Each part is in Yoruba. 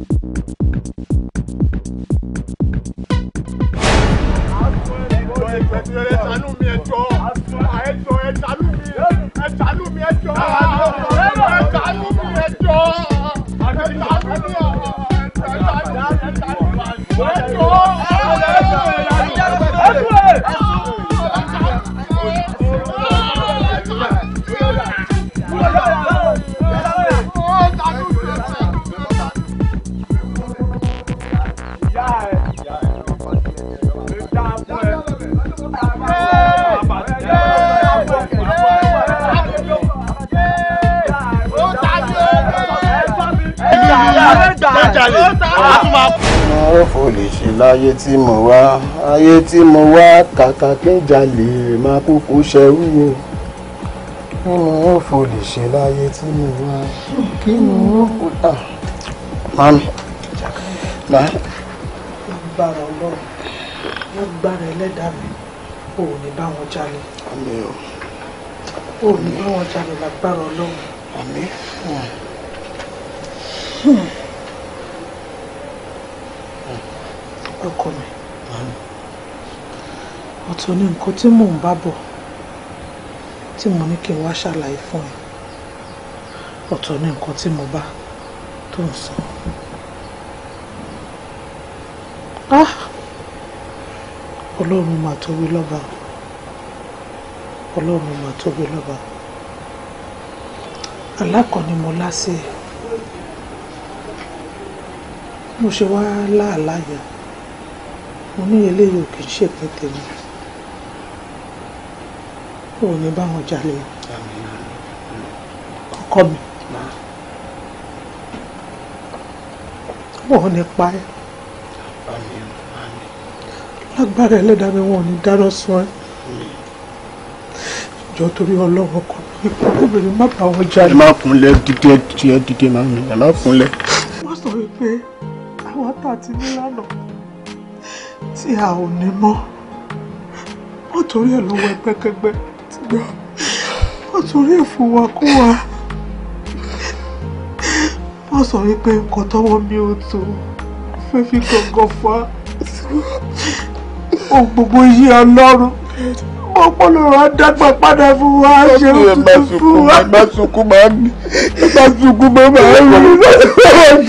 ẹjọ ẹ ṣàánú mi ẹjọ ẹjọ ẹ ṣàánú. láyé tí mo wá ayé tí mo wá kàkà kí n jalè máa kúkú ṣẹ́wí kí ni ó fò ṣe láyé tí mo wá kí ni ó fò tà. mami na. agbára ọlọ́run agbára ẹlẹ́dàá mi ò ní bá wọn jalè. àmín o. ò ní bá wọn jalè lágbára ọlọ́run. àmín. Hmm. ọ̀tọ̀ ni nǹkan tí mò ń bá bọ̀ tí mo ní kí n wá ṣàlàyé fún ẹ ọ̀tọ̀ ni nǹkan tí mo bá tó ń sọ. Ah! ọlọ́run mà tóbi lọ́ba ọlọ́run mà tóbi lọ́ba alákọ̀ọ́ni mo lásì mo ṣe wá láàlá yẹn mo ní eléyìí ò kì í ṣèpín tèmi kò ní bá jalè ọkọ mi wọn ní pa ẹ́ lágbára ẹlẹ́dàá mi wọn ní dáná sun ẹ́ jọ torí ọlọ́run ọkọ mi má bá wọn jalè. ẹ má kúnlẹ̀ dídé ẹ dídé máa mi ẹ má kúnlẹ̀. wọ́n sọ wípé àwọn tá a ti ní lánàá tí a ò ní mọ́ wọ́n torí ẹ̀ ló wọ gbà wọ́n torí ẹ̀fọ́ wa kó wa wọ́n sọ wípé nǹkan tọ́wọ́ mi ò tó fẹ́ fi gàngàn fa ohun gbogbo yí ọlọ́run ọpọlọ wa dàgbà padà fún wa ṣe òtútù fún wa. ẹ má sunkún máa mi ẹ má sunkún máa mi ẹ má sunkún máa mi ẹ má sunkún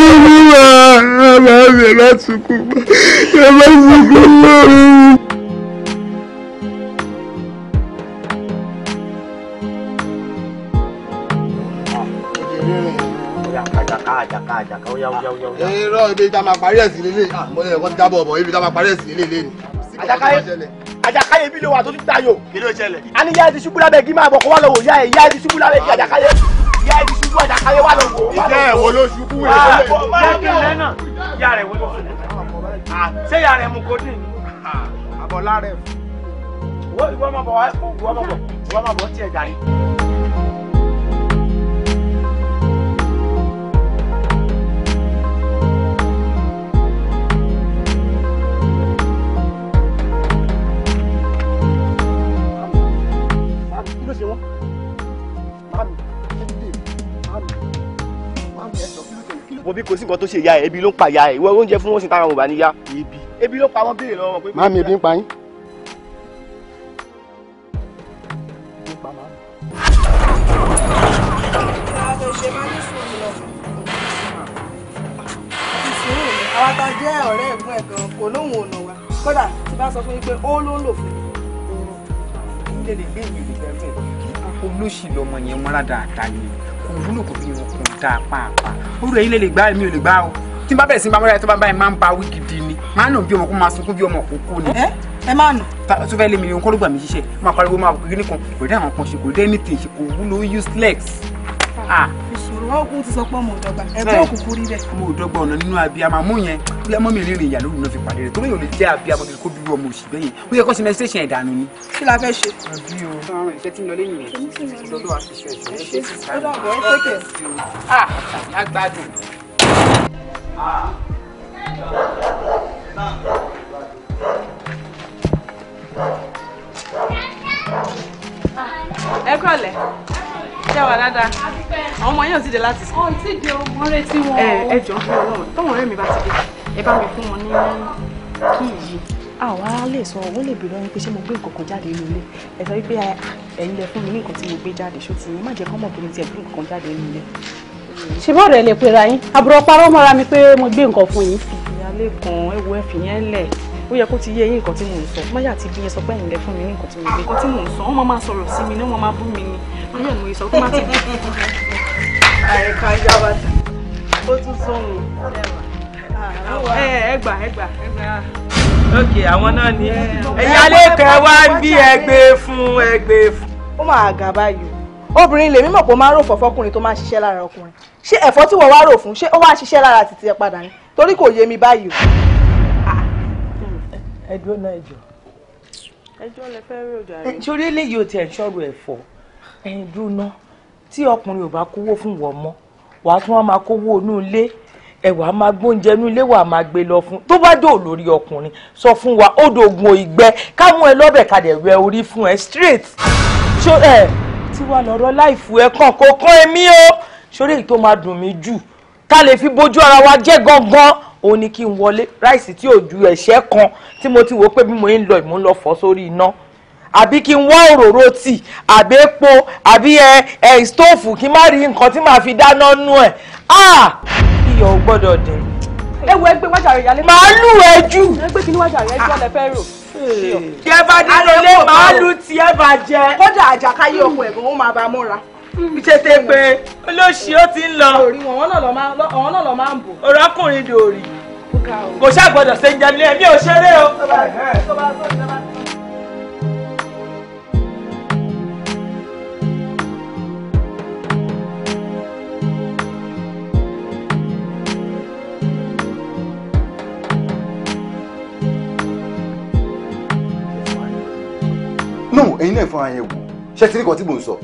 máa mi ẹ má sunkún máa mi ẹ má sunkún máa mi. irọ́ ibi tá a máa parí ẹ̀ sí lélẹ̀ ah, mo lè kọ́ ti dábọ̀ ọ̀bọ̀ ibi tá a máa parí ẹ̀ sí lélẹ̀ ni. àjàkáyé bí ló wà tó ti tayò. kí ló ṣẹlẹ̀. a ní yá ẹ ti ṣubú lábẹ́ gí máa bọ̀ kó wá lọ́wọ́ yá ẹ yá ẹ ti ṣubú lábẹ́ gí àjàkáyé yá ẹ ti ṣubú àjàkáyé wá lọ́wọ́. ìjẹ́ ah, ẹ̀ wo ló ṣubú yẹn. àbọ̀lá ah, rẹ̀ fún. ìwọ máa bọ̀ wá wo bí kò sí nǹkan tó ṣe ìyá ẹ̀ ebi ló ń pa ìyá ẹ̀ ìwọ oúnjẹ fún wọn sì tára wọn bá níyá. ebi ebi ló pa wọn béèrè lọ́wọ́ pé. màámi ebi ń pa yín. kódà tí bá sọ fún yín pé ó ló ń lò fún mi. ilé lè gbé ìwé ìgbẹ́gbẹ́ olóṣì lọmọ yẹn mọ́ra dáadáa kò wúlò kò fi òkun dáa pàápàá orú èyí lè lè gbá èmi ò lè gbá o tí n bá bẹ̀rẹ̀ sí bámọ́ra ẹ̀ tó bá báyìí máa ń ba wíkìdì ni máa ń nà bí ọmọ kó máa sunkún bí ọmọ kókó ni. ẹ máa nù. tó fẹ́ lé mi òun kọ́ ló gbà mí ṣiṣẹ́ máa pariwo máa kó kan kò dé àwọn kan ṣe kò dé anything ṣe kò wúlò useless ọkùnrin ti sọ pé ọmọ òdọgba ẹgbẹ́ òkùnkùn rí bẹ́ẹ̀. ọmọ òdọgba ọ̀nà nínú abiyamọ amú yẹn bí amọ mi rìnrìn ìyàlóru náà fi pàdé rẹ torí yóò lè jẹ abiyamọ kí kó dúró ọmọ òsì bẹ́yìn ó yẹ kó sinmi ṣẹ́ṣẹ́ ìdánù ni. kí la fẹ́ ṣe. àbí o ọ̀rọ̀ ìṣẹ́ tí ń lọ ṣé wà dáadáa àwọn ọmọ yẹn ò ti dé láti sùn. ọ ti dé ogun retí wọn. ẹ ẹ jọ ń fún Ọlọ́run tọwọn ọ̀rẹ́ mi bá ti dé ẹ bá mi fún wọn ní kí yìí. àwa lè sọ owó lè bèrè ọyìn pé ṣé mo gbé nǹkan kan jáde nínú ilé ẹ sọ wípé ẹ̀yin lẹ fún mi ní nǹkan tí mo gbé jáde ṣó ti yín má jẹ́ kọ́mọ̀ bóni tí ẹ gbé nǹkan kan jáde nínú ilé. ṣé bọ́ọ̀dù ẹ lè pera yín àbúrò parọ́ mọ́ra mi pé mo gbé nǹkan fún yín. ìyáálé kan ẹ wo ẹ fìyẹn lẹ̀ ó yẹ kó ti yé yín nǹkan tí mò ń sọ máyà ti bí yẹn sọ pé ẹ̀yin lẹ fún mi ní nǹkan tí mò ń sọ wọ́n máa sọ̀rọ̀ sí mi ní wọ́n máa bú mi ni ayé ẹ̀ mo yìí kó má ti dé. àyíká ajá wa tà ó tún sóhun ẹ ẹ ok àwọn náà ni ẹ̀yà lẹ́kẹ̀ẹ́ wá ń bí ẹgbẹ́ fún ẹgbẹ́ fún. ó máa gà báyìí obìnrin lèmi mọ̀ pé ó máa ń rò fọ́fọ́kùnrin tó máa ń ṣiṣẹ́ lára ọkùnrin ṣé ẹ̀fọ́ tí wọ́n wá rò fún ṣé ó wá ṣiṣẹ́ lára títí ẹ padà ni torí kò yé mi báyìí o. ẹjọ́ náà ẹjọ́. ẹjọ́ lẹ fẹ́ rí ọjà rẹ. sórí eléyìí ò tiẹ̀ ń ṣọ́rọ̀ ẹ̀fọ́ ẹyin dúná tí ọkùnrin ò bá kówó fún wọn mọ́ wàá tún wá máa kówó inú ilé ẹwà máa gbóúnjẹ inú ilé wàá máa gbé lọ fún tó bá dò lórí ọkùnrin sọ fún wa ó dògùn ìgbẹ ká mú ẹ lọ́bẹ̀ ká dẹ̀ wẹ orí fún ẹ straight ṣó ẹ tí wàá lọ́rọ̀ láìfù ẹ kàn kó kán ẹmí o ṣórí èyí tó máa dùn mí jù ká lè fi bójú ara wa jẹ́ gangan ó ní kí n wọlé ráìsì tí ò ju ẹ̀ṣẹ́ kan tí mo ti wò pé bí mo ń lọ ìmúlọ̀fọ́ sórí iná àbí kí n wá òróró tì àbí epo àbí ẹ ẹ stóòfù kí n má rí nǹkan tí màá fi dáná nú ẹ ah! iyọ̀ ò gbọ́dọ̀ dín. ẹ wo ẹgbẹ́ wájà rẹ̀ yálé. màá lù ẹ jù. ẹgbẹ́ kí ni wájà rẹ̀ jọ́ lẹ fẹ́ rò. tí ẹ bá dín lọlé màá lù tí ẹ bá jẹ. kódà àjàkáyé ọkọ ẹ̀gbọ́n ó máa bá mọ́ra. ìṣètè pé olóṣì ó ti ń lọ. orí wọn náà lọ máa ń bò. ọ̀rọ̀kùnrin dòrì kò ṣàgbọ́dọ̀ mi ò o. fún ara yẹn wò ṣé tí nìkan tí mò ń sọ.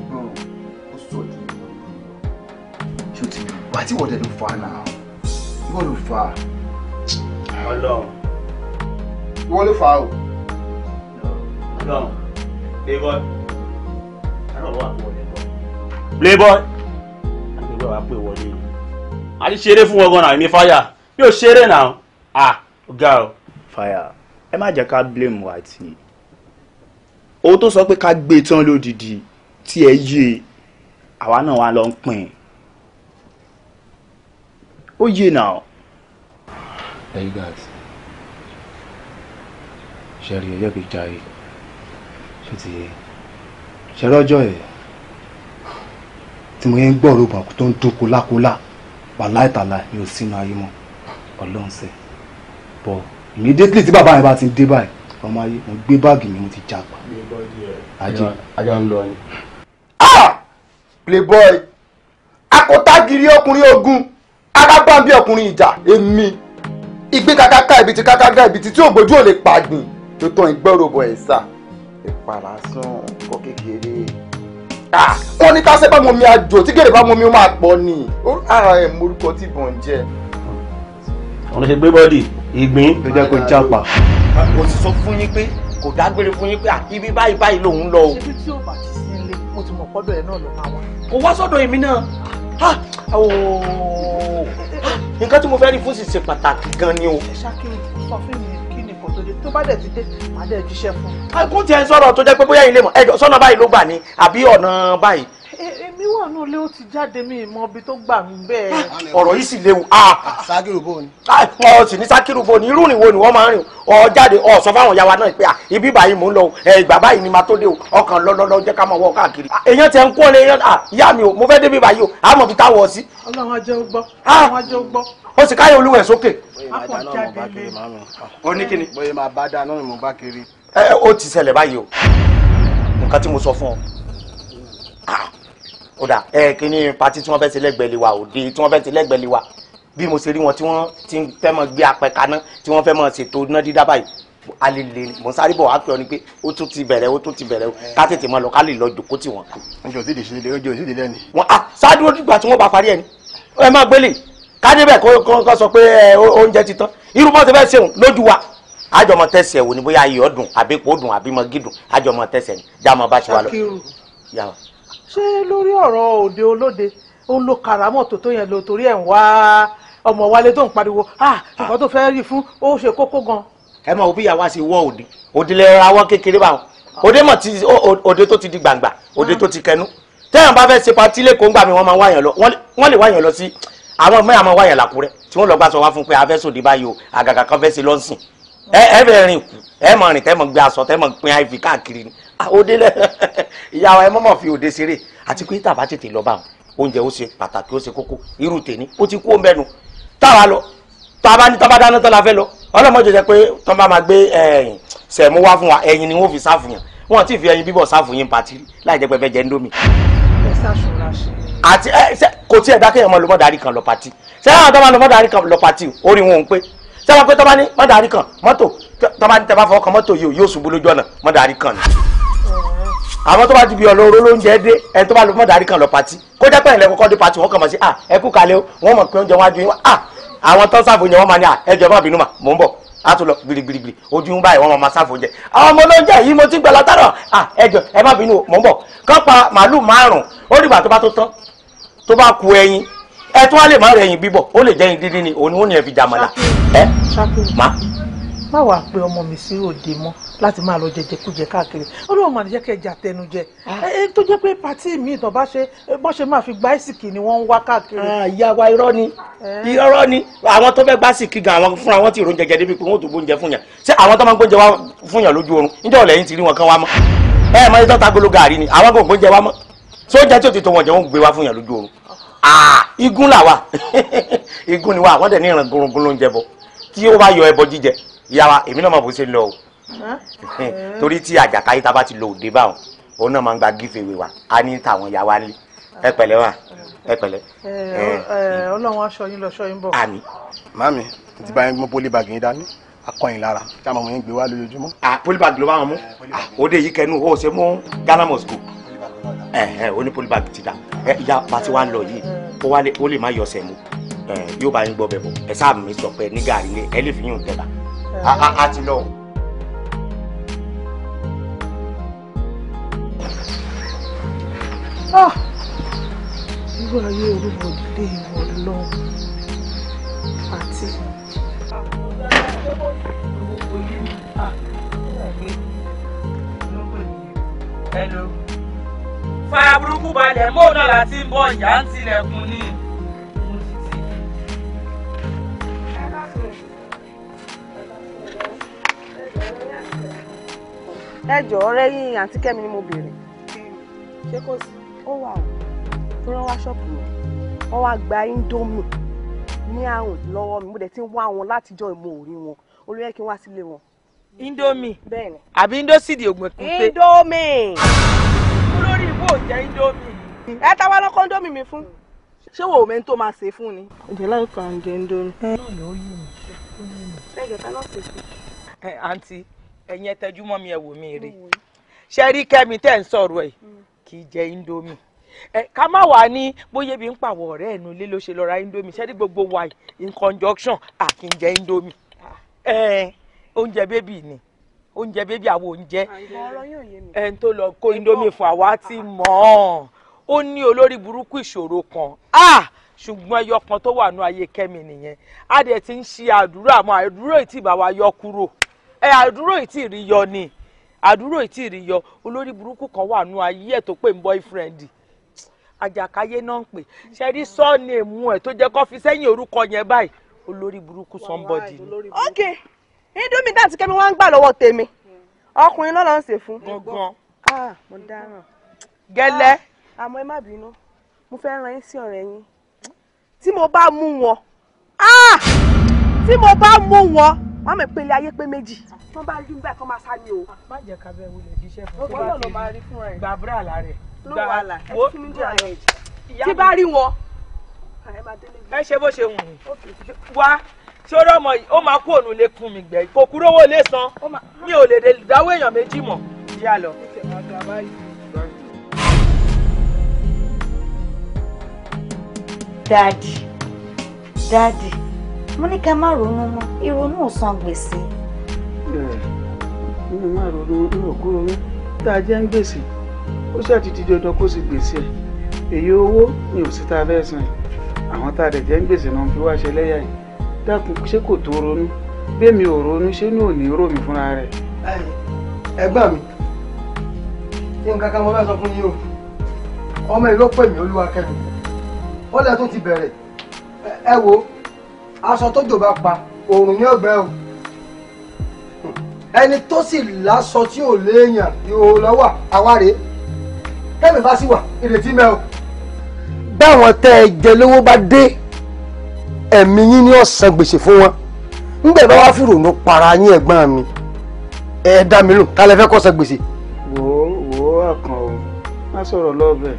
ìgbọràn ó sọ ju ìgbọràn ti rí ló fà náà wọ́n ló fà á. Ọlọ́run. ló fà o. Ọlọ́run playboy àná wà pé wọlé bọ́. playboy àgbègbè wa pé wọlé yìí a ti ṣeré fún wọn gan náà èmi fáyà mi ò ṣeré náà ah ọ̀gá o. fáyà ẹ má jẹ́ ká blame wa ti o tó sọ pé ká gbé e tán lódìdí tí ẹ yé e, àwa náà wà lọ ń pín ó yé e náà. ẹ yí guys ṣẹ̀rí ẹ̀yọ́ kìí jayé ṣé ti yé ṣẹ̀rí ọjọ́ ẹ̀ tí mo yẹn ń gbọ́ òrùbà tó ń dún kólákólá wàláìtàlà mi ò sínú ayé mọ́ ọlọ́run sẹ́ bọ́ immediately tí bàbá yẹn bá ti dé báyìí ọmọ ayé mo gbé báàgì mi mo ti já pa. ajé ajá ń lọ ni. Ah! playboy akọtagiri ọkùnrin ogun arábàbí ọkùnrin ìjà èmi ìgbé kákáká ibi tí kákáká ibi tí tí ògbójú ò lè pàgbìn tó tán ìgbọ́ròbọ̀ ẹ̀ sà ìpàrà sàn kọ́ kékeré wọ́n ah! ní tásẹ́ bá mu mi àjò tí gèrè bá mu mi ó máa pọ̀ ni ara ẹ̀ morúkọ tí bọ̀ ń jẹ. ọ̀nà ṣe gbé bọ́dì ìgbín ló jẹ́ kó jápa. mo ti sọ fún yín pé kò dágbére fún yín pé ibi báyìí báyìí lòun lọ o. ṣé tí o bá ti sí ilé mo ti mọ̀ pọ́dọ̀ ẹ̀ náà ló máa wá. kò wá sọ́dọ̀ èmi náà nǹkan tí mo fẹ́ rí fún sì ṣe pàtàkì gan ni o. ẹ ṣàkíyèsí sọ fún mi kí ni nǹkan tó dé tó bá dẹ̀ ti dé màá dẹ̀ jíṣẹ́ fún. kó tiẹ̀ sọ̀rọ̀ tó jẹ́ pé bóyá ilé mọ̀ ẹ̀jọ̀ sọ́nà báyìí ló gbà ní àbí ọ̀nà báyìí èmi wà náà lé ó ti jáde mi ìmọ̀ ibi tó gbà mí bẹ́ẹ̀. ọ̀rọ̀ yìí sì léwu. Ah! sákìrù bò ni. Ah! ọ sì ní sákìrù bò ni irú nìwo ni wọ́n máa ń rìn ọ jáde ọ sọ fáwọn ìyá wa náà pé ah, ibi báyìí mò ń lọ ìgbà báyìí ni màá tó dé o ọkàn lọ́lọ́lọ́ jẹ́ ká máa wọ káàkiri. èèyàn tẹ ń kó lé ìyá mi o mo fẹ́ débi báyìí o àmọ́ fi táwọ̀ sí. ọlọ́run ajẹ́ ó gbọ́. ọlọ́run ajẹ́ ó gbọ́. ó sì káyọ̀ olúwẹ̀ sókè. ó ní kíni. bóyá máa eh, mo bá kódà ẹ kíní pati tí wọ́n fẹ́ ṣe lẹ́gbẹ̀ẹ́ lè wa òde tí wọ́n fẹ́ ṣe lẹ́gbẹ̀ẹ́ lè wa bí mo ṣe rí wọn tí wọ́n ti fẹ́ mọ gbé apẹ kaná tí wọ́n fẹ́ mọ ṣètò iná dídá báyìí alele mo sáré bọ̀ wá pé ọ ni pé o tún ti bẹ̀rẹ̀ o tún ti o ká tètè mọ lọ ká lè lọ jòkó tì wọ́n. oúnjẹ ò tí ì ṣe lé oúnjẹ ò tí ì ṣe lé ẹni. wọn a ah, ṣáájú ìgbà tí wọn bá parí ẹni ẹ má gbélé ká débẹ̀ kó sọ pé oúnjẹ ti tán irú bọ́ọ̀sì fẹ́ ṣeun lójú wa àjọmọ tẹsí ẹ wò ni bóyá ayọ̀ dùn àbí kò dùn àbí mọ gídùn àjọmọ tẹsí ẹ ni jáàmọ bá ṣe wà lọ ṣé lórí ọ̀rọ̀ òde olóde òun ló karamọ́ tó tó yẹn lo torí ẹ̀ ń wá ọmọ wálé tó ń pariwo ṣùgbọ́n tó fẹ́ rí fún ó ṣe kókó gan. ẹ mọ̀ bí àwa ṣe wọ òde òde lè ra wọ́n kékeré báwọn òde mọ̀ ti òde tó ti di gbangba òde tó ti kẹnu tẹ́yàn bá fẹ́ ṣe patí lẹ́kọ̀ọ́ ńgbà mi wọ́n máa wáyàn lọ wọ́n lè wáyàn lọ sí àwọn mẹ́rin àmọ́ wáyàn làkúrẹ́ tí wọ́n lọ gbà sọ wá fún pé a fẹ́ sòde báyìí o àgàgà kan fẹ́ ṣe lọ́sìn ẹ ẹ bẹ̀rẹ̀ rìn kù ẹ mọ̀ rìn tẹ́ mọ̀ gbé aṣọ tẹ́ mọ̀ pin àìfi káàkiri òde lẹ ìyá wa ẹ mọ́mọ́ fi òde ṣeré àti pé tàbá tètè lọ bá wọn oúnjẹ ó ṣe pàtàkì ó ṣe kókó irú tèmi ó ti kú mẹ́nu táwa lọ táwa ni tábà dáná tán la fẹ́ lọ ọlọ́mọdé jẹ pé tán bá máa gbé sẹ̀mú wá fún wa ẹyin ni wọ́n fi sáfù yàn wọ́n ti fi ẹyin bíbọ̀ sáfù yín pàtí láì jẹ́ pé fẹ́ jẹ́ ndómi. àti kò tí ẹ̀ dákẹ́ yẹn mọ́ lọ́mọdarí kan lọ pàtí sẹ́yìn àwọn tó máa lọ́mọdarí kan lọ pàtí orí wọn ò ń pé sẹ́wọ́n pé tọ́ba ní mọ́dàrí kan mọ́tò tọ́ba ní tẹ́bá fọwọ́ kan mọ́tò yìí yóò ṣubú lójú ọ̀nà mọ́dàrí kan ni àwọn tó bá ti bí ọlọ́rọ̀ lóúnjẹ dé ẹni tó bá lọ mọ̀dárí kan lọ pati kó jẹ́ pẹ́yìn lẹ́kọ̀ọ́kọ́ dé pati wọ́n kàn mọ̀ sí ah ẹ kú kalẹ̀ o wọ́n mọ̀ pé oúnjẹ wọn á dun yín wá ah àwọn tó ń sáfò yẹn wọ́n máa ní ah ẹ jẹ́ má bínú mà mò ń bọ̀ á tún lọ gbirigbirigbiri ojú ń báyìí wọ́n máa sáfò jẹ àwọn ọmọ olóúnjẹ yìí mo ti gbẹ látàrọ ah ẹ jọ ẹ má bínú mò ń bọ̀ kán pa màálù márùn ó dìgbà tó bá tó tán tó bá ku ẹyin ẹ tún wá lè má rẹ ẹyin bíbọ̀ ó lè jẹ́ ẹyin dídín ni òun ni wọ́n ní ẹ fi jà mọ́lá ẹ má má wàá pe ọmọ mi sí òde mọ́ láti máa lọ jẹjẹkújẹ káàkiri olóòwò màá jẹ́ kẹ́ ẹ jàtẹnu jẹ ah. ẹ tó jẹ́ pé pàtí mi ìtàn bá ṣe bọ́ ṣe máa fi gba ìsìkì ni wọ́n ń wá káàkiri. Ah, ìyá wa irọ́ ni eh. irọ́ ni àwọn tó fẹ́ gba ìsìkì gan àwọn fúnra wọn ti rò jẹjẹ débi pé wọn ò tó gbóúnjẹ fún yàn ṣé àwọn tó máa ń gbóúnjẹ wá fún yàn lójú oorun níjọ́ lẹ́yìn ti rí wọn kán wá mọ́ ẹ mọ ẹjọ́ tagolo gàrí ni àwọn ah, ni wà wọ́n dẹ̀ ní ìràn gorungun yàrá èmi náà mọ̀ bó ṣe ń lọ o torí tí àjàkáyé tá a bá ti lọ òde báwọn òun náà máa ń gba gífèwé wa á ní tàwọn yà wá lé ẹ pẹ̀lẹ́ wa ẹ pẹ̀lẹ́. ọlọ́run aṣọ yín lọ ṣọ́ yín bọ̀. àmì. màmí ti bá yín mú pólíbàgì yín dání akọyìn lára kí a mọ̀ mọ̀ yín gbé wá lójoojúmọ́. à pólíbàgì ló bá wọn mú òde yìí kẹnu ó ṣe mú Ghana must go ó ní pólíbàgì ti dà ìyá pàtí wa ń lọ yìí ó lè má yọ ọ̀sẹ̀ mu yóò bá yín gbọ́ bẹ̀ bọ̀ ẹ̀ sáà mi sọ ní gàrí ẹ lè fi yín tẹ̀ bá a ti lọ. Ah! irú ayé orúkọ ilé ìwọ lọ àti. Hello. fa burúkú balẹ̀ mọ́ náà láti ń bọ̀ ìyá ń tilẹ̀kùn ni. ẹ jọ̀ọ́ ọ̀rẹ́ yín àǹtí Kẹ́mi ni mo béèrè ṣé kò sí ó wà o tó rán wá ṣọ́ọ̀bù mi wọ́n wá gba indomie ní àrùn lọ́wọ́ mi mo dẹ̀ ti ń wá wọn látijọ́ ìmọ̀ òrí wọn olóyè kí n wá sílé wọn. indomie bẹ́ẹ̀ ni àbí indosidi ògùn kún pé. indomie. olórí ìbò jẹ́ indomie. ẹ ta wá lọ́kọ́ indomie mi fún. ṣé wo omi tó máa ṣe fún ni. ǹjẹ́ láì kàn jẹ́ ẹ ẹ àǹtí ẹ̀yin ẹtẹjú mọ́ mi ẹ wò mí rè ṣe rí kẹ́mi tẹ́ ń sọ̀rọ̀ ẹ̀ mm. kì í jẹ indomie ẹ ká má wàá ní bóyá ebi ń pàwọ̀ ọ̀rẹ́ ẹ̀nu ilé ló ṣe lọ ra indomie ṣe rí gbogbo wa in conjunction à kì í jẹ indomie ah. ẹ oúnjẹ bébì ni oúnjẹ bébì àwọn oúnjẹ ah, ẹ ń tó lọ kó indomie fún àwa ti ah, mọ̀ ó ní olórí burúkú ìṣòro kan ah ṣùgbọ́n ẹyọ kan tó wà ní ayé kẹ́mi nìyẹn a dẹ̀ ti ń ṣe àdúrà mọ́ àdúrà ìtìbà wa yọ kúrò ẹ àdúrò ìtì rí ni àdúrò ìtì rí olórí burúkú kan wà nù ayé ẹ tó pè ń boyfriend àjàkáyé náà ń pè ṣe rí sọ́ọ̀nì èmú ẹ̀ tó jẹ́ kó fi sẹ́yìn orúkọ yẹn báyìí olórí burúkú somebody ni. ok indomie dàtí kẹ́mi wá ń gbà lọ́wọ́ tèmi ọkùnrin lọ́la ń ṣe fún. gangan. ah mo dáràn. gẹ́lẹ́. Ah, àmọ́ ẹ má bínú mo fẹ́ ran yín sí ọ̀rẹ́ yín tí mo bá mú wọn ah! tí mo bá mú wọn wọ́n mọ̀ pé ayé pé méjì wọ́n bá rí bẹ́ẹ̀ kọ́ máa sá ni o. Ah, má jẹ́ ká bẹ́ẹ̀ wọlé jíṣẹ́ fún tó bá ti rí gba búrà lára ẹ̀. ló wà là ẹ fún mi jẹ́ àlẹ́ ìjì tí bá rí wọn. Ah, ẹ ṣe bó ṣe wù mí wá tí ó yìí ó máa kú òun lè kun mi gbẹ kò kúrò owó lè san mi ò lè dáwọ́ èèyàn méjì mọ́ yá lọ. dadi dadi. mo ní ká má ronú mọ ìrònú ò san gbèsè. mi má ronú ìròkúròrò tá a jẹ́ ń gbèsè ó ṣáà ti di dandan kó sì gbèsè ẹ̀ èyí owó ni ò sí tá a fẹ́ san àwọn tá a dẹ̀ jẹ́ ń gbèsè náà fi wá ṣe lẹ́yà yìí dákun ṣé kò tó ronú bẹ́ẹ̀mi ò ronú ṣé ní òní rò mí fúnra rẹ̀. ẹgbà mi ní nǹkan kan mo fẹ́ sọ fún yín o ọmọ ìlú pè mí olúwa kẹ́mi ó lẹ́ tó ti bẹ̀rẹ̀ ẹ wo aṣọ tó jò bá pa òòrùn ní ọgbẹ́ o ẹni tó sì láṣọ tí ò léèyàn yóò lọ́wọ́ àwárẹ̀ tẹ́mi bá sì wà ìrètí mẹ́ o. báwọn tẹ́ ẹ jẹ lówó bá dé ẹ̀mí yín ní ọ̀sán gbèsè fún wọn ńgbẹ̀ bá wá fìrònú para yín ẹ̀gbọ́n mi ẹ dá mi lò tá lẹ fẹ́ gbèsè. wò ó wò ó àkàn o má sọ̀rọ̀ lọ́ọ̀bẹ̀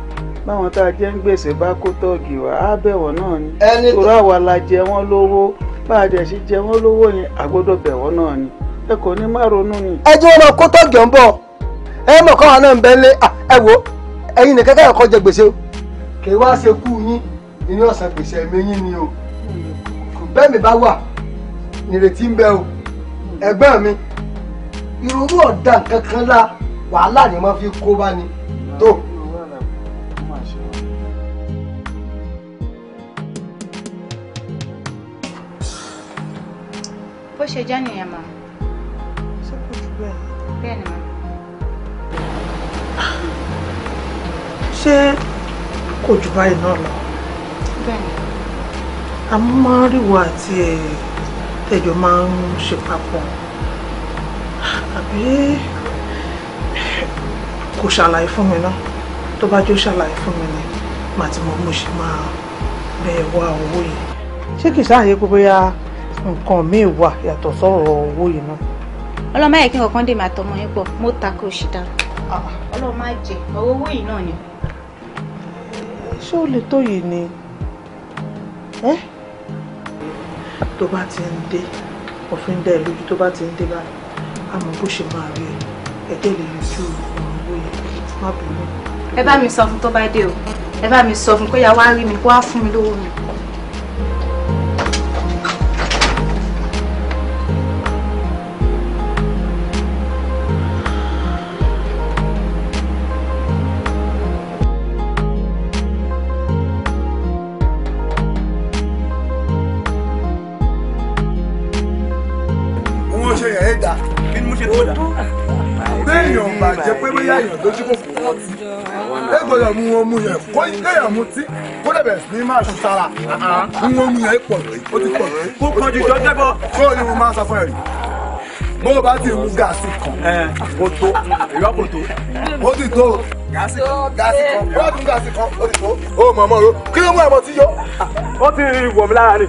báwọn tá a jẹ́ ń gbèsè bá kó tọ́ọ̀gì wá á bẹ̀wọ̀ náà ni torá wa la jẹ wọ́n lówó bá a dẹ̀ ṣe jẹ wọ́n lówó yẹn àgbọ́dọ̀ bẹ̀wọ̀ náà ni ẹ kò ní má ronú ni. ẹ jẹ́ wọn lọ kó tọ́ọ̀gì ọ̀ ń bọ̀ ẹ mọ̀ káwọn náà ń bẹ́ lé ẹ wo ẹ̀yin nìkan káyọ̀ kọ́ jẹ gbèsè kì í wá ṣe kú yín inú ọ̀sán gbèsè ẹ̀mẹ́yìn ni o kò bẹ́ẹ̀ mi bá wà nírètí ń bẹ o ẹ̀gbọ́n mi ìrònú ọ̀dà ṣe jẹ́ nìyẹn mà. ṣé kò jù bẹ́ẹ̀. bẹ́ẹ̀ ni mà. ṣé kò jù báyìí náà lọ. bẹ́ẹ̀ ni. àmọ́ máa ń ríwo àti ẹ̀ tẹ̀jọ́ máa ń ṣe papọ̀ àbí kò ṣàlàyé fún mi náà tó bá jó ṣàlàyé fún mi ni màá ti mọ ṣe máa bẹ̀ wá owó yìí. ṣé kìí ṣáàyè pé bóyá nǹkan míì wà yàtọ̀ sọ̀rọ̀ owó yìí náà. ọlọ́mọ ayé kí n kọ̀ọ̀kan dè máa tọmọ yín pọ̀ mo ta kò sì dá. Ah. ọlọ́mọ àjẹ ọwọ́ owó yìí náà ni. ṣé ó lè tó yìí ni tó bá ti ń dé òfin dá ẹ lójú tó bá ti ń dé báyìí àmọ́ bó ṣe máa rí ẹ ẹdẹ lè yanjú ọ̀rọ̀ owó yẹn má bínú. ẹ bá mi sọ fún tó bá dé o ẹ bá mi sọ fún pé yàrá wá rí mi kó wá fún mi lówó mi. jẹ́ pé bóyá èèyàn tó kò fún wọn tí ẹ gbọ́dọ̀ mú wọn mú yẹn kó kéèyàn mú tí kó dẹ̀ ní máa ṣu sára mú wọn mú yẹn pọ̀ ó ti pọ̀ lóyún. ó kọjú jọjọ́ kó o ní mo máa sọ fún ẹ rí bó bá ti mú gaasi kan o tó ìyọ́pò tó o ti tó gaasi kan gaasi ti mú gaasi kan o ti tó o mọ̀ o kí ló mú ẹ̀mọ́ tí yó. ó ti wọ̀ mí lára ni.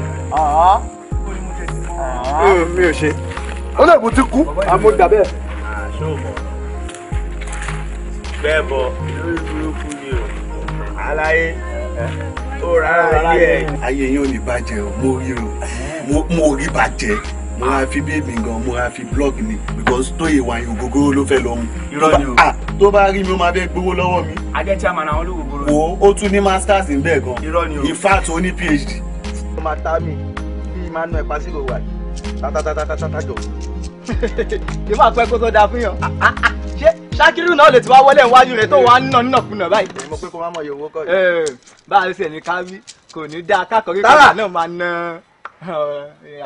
mi ò ṣe. ó lè bu ti kú. àmọ́ dà bẹ́ẹ̀ bọ̀ lórí burúkú ni o aláyé ó rárá ayé ẹ̀. ayé yín ò ní bàjẹ́ o mo rí o mo rí bàjẹ́ mo ra fi bébì gan mo ra fi blog ni because tó yẹ wàyìn ògógóró ló fẹ́ lọ mu. irọ́ ni o tó bá rí mi ó máa bẹ́ gbowó lọ́wọ́ mi. ajẹ́ tí a máa na wọn lówó gbòòrò. wo ó tún ní masters ń bẹ̀ gan. irọ́ ni o in fact ó ní phd. Ta àtàmì bíi emmanuel pasiro wà tátátátátátá jọ. ìfọ̀ àpẹ́kọ́ tó dáa fún yàn ṣákírù náà lè ti wá wọlé wájú rẹ tó wà nínà nínà kùnà báyìí. mo pé kó má mọ yòówó kọ yìí. bá a ṣe ní kárí kò ní dáa kákọrí kọ̀ọ̀kan náà máa na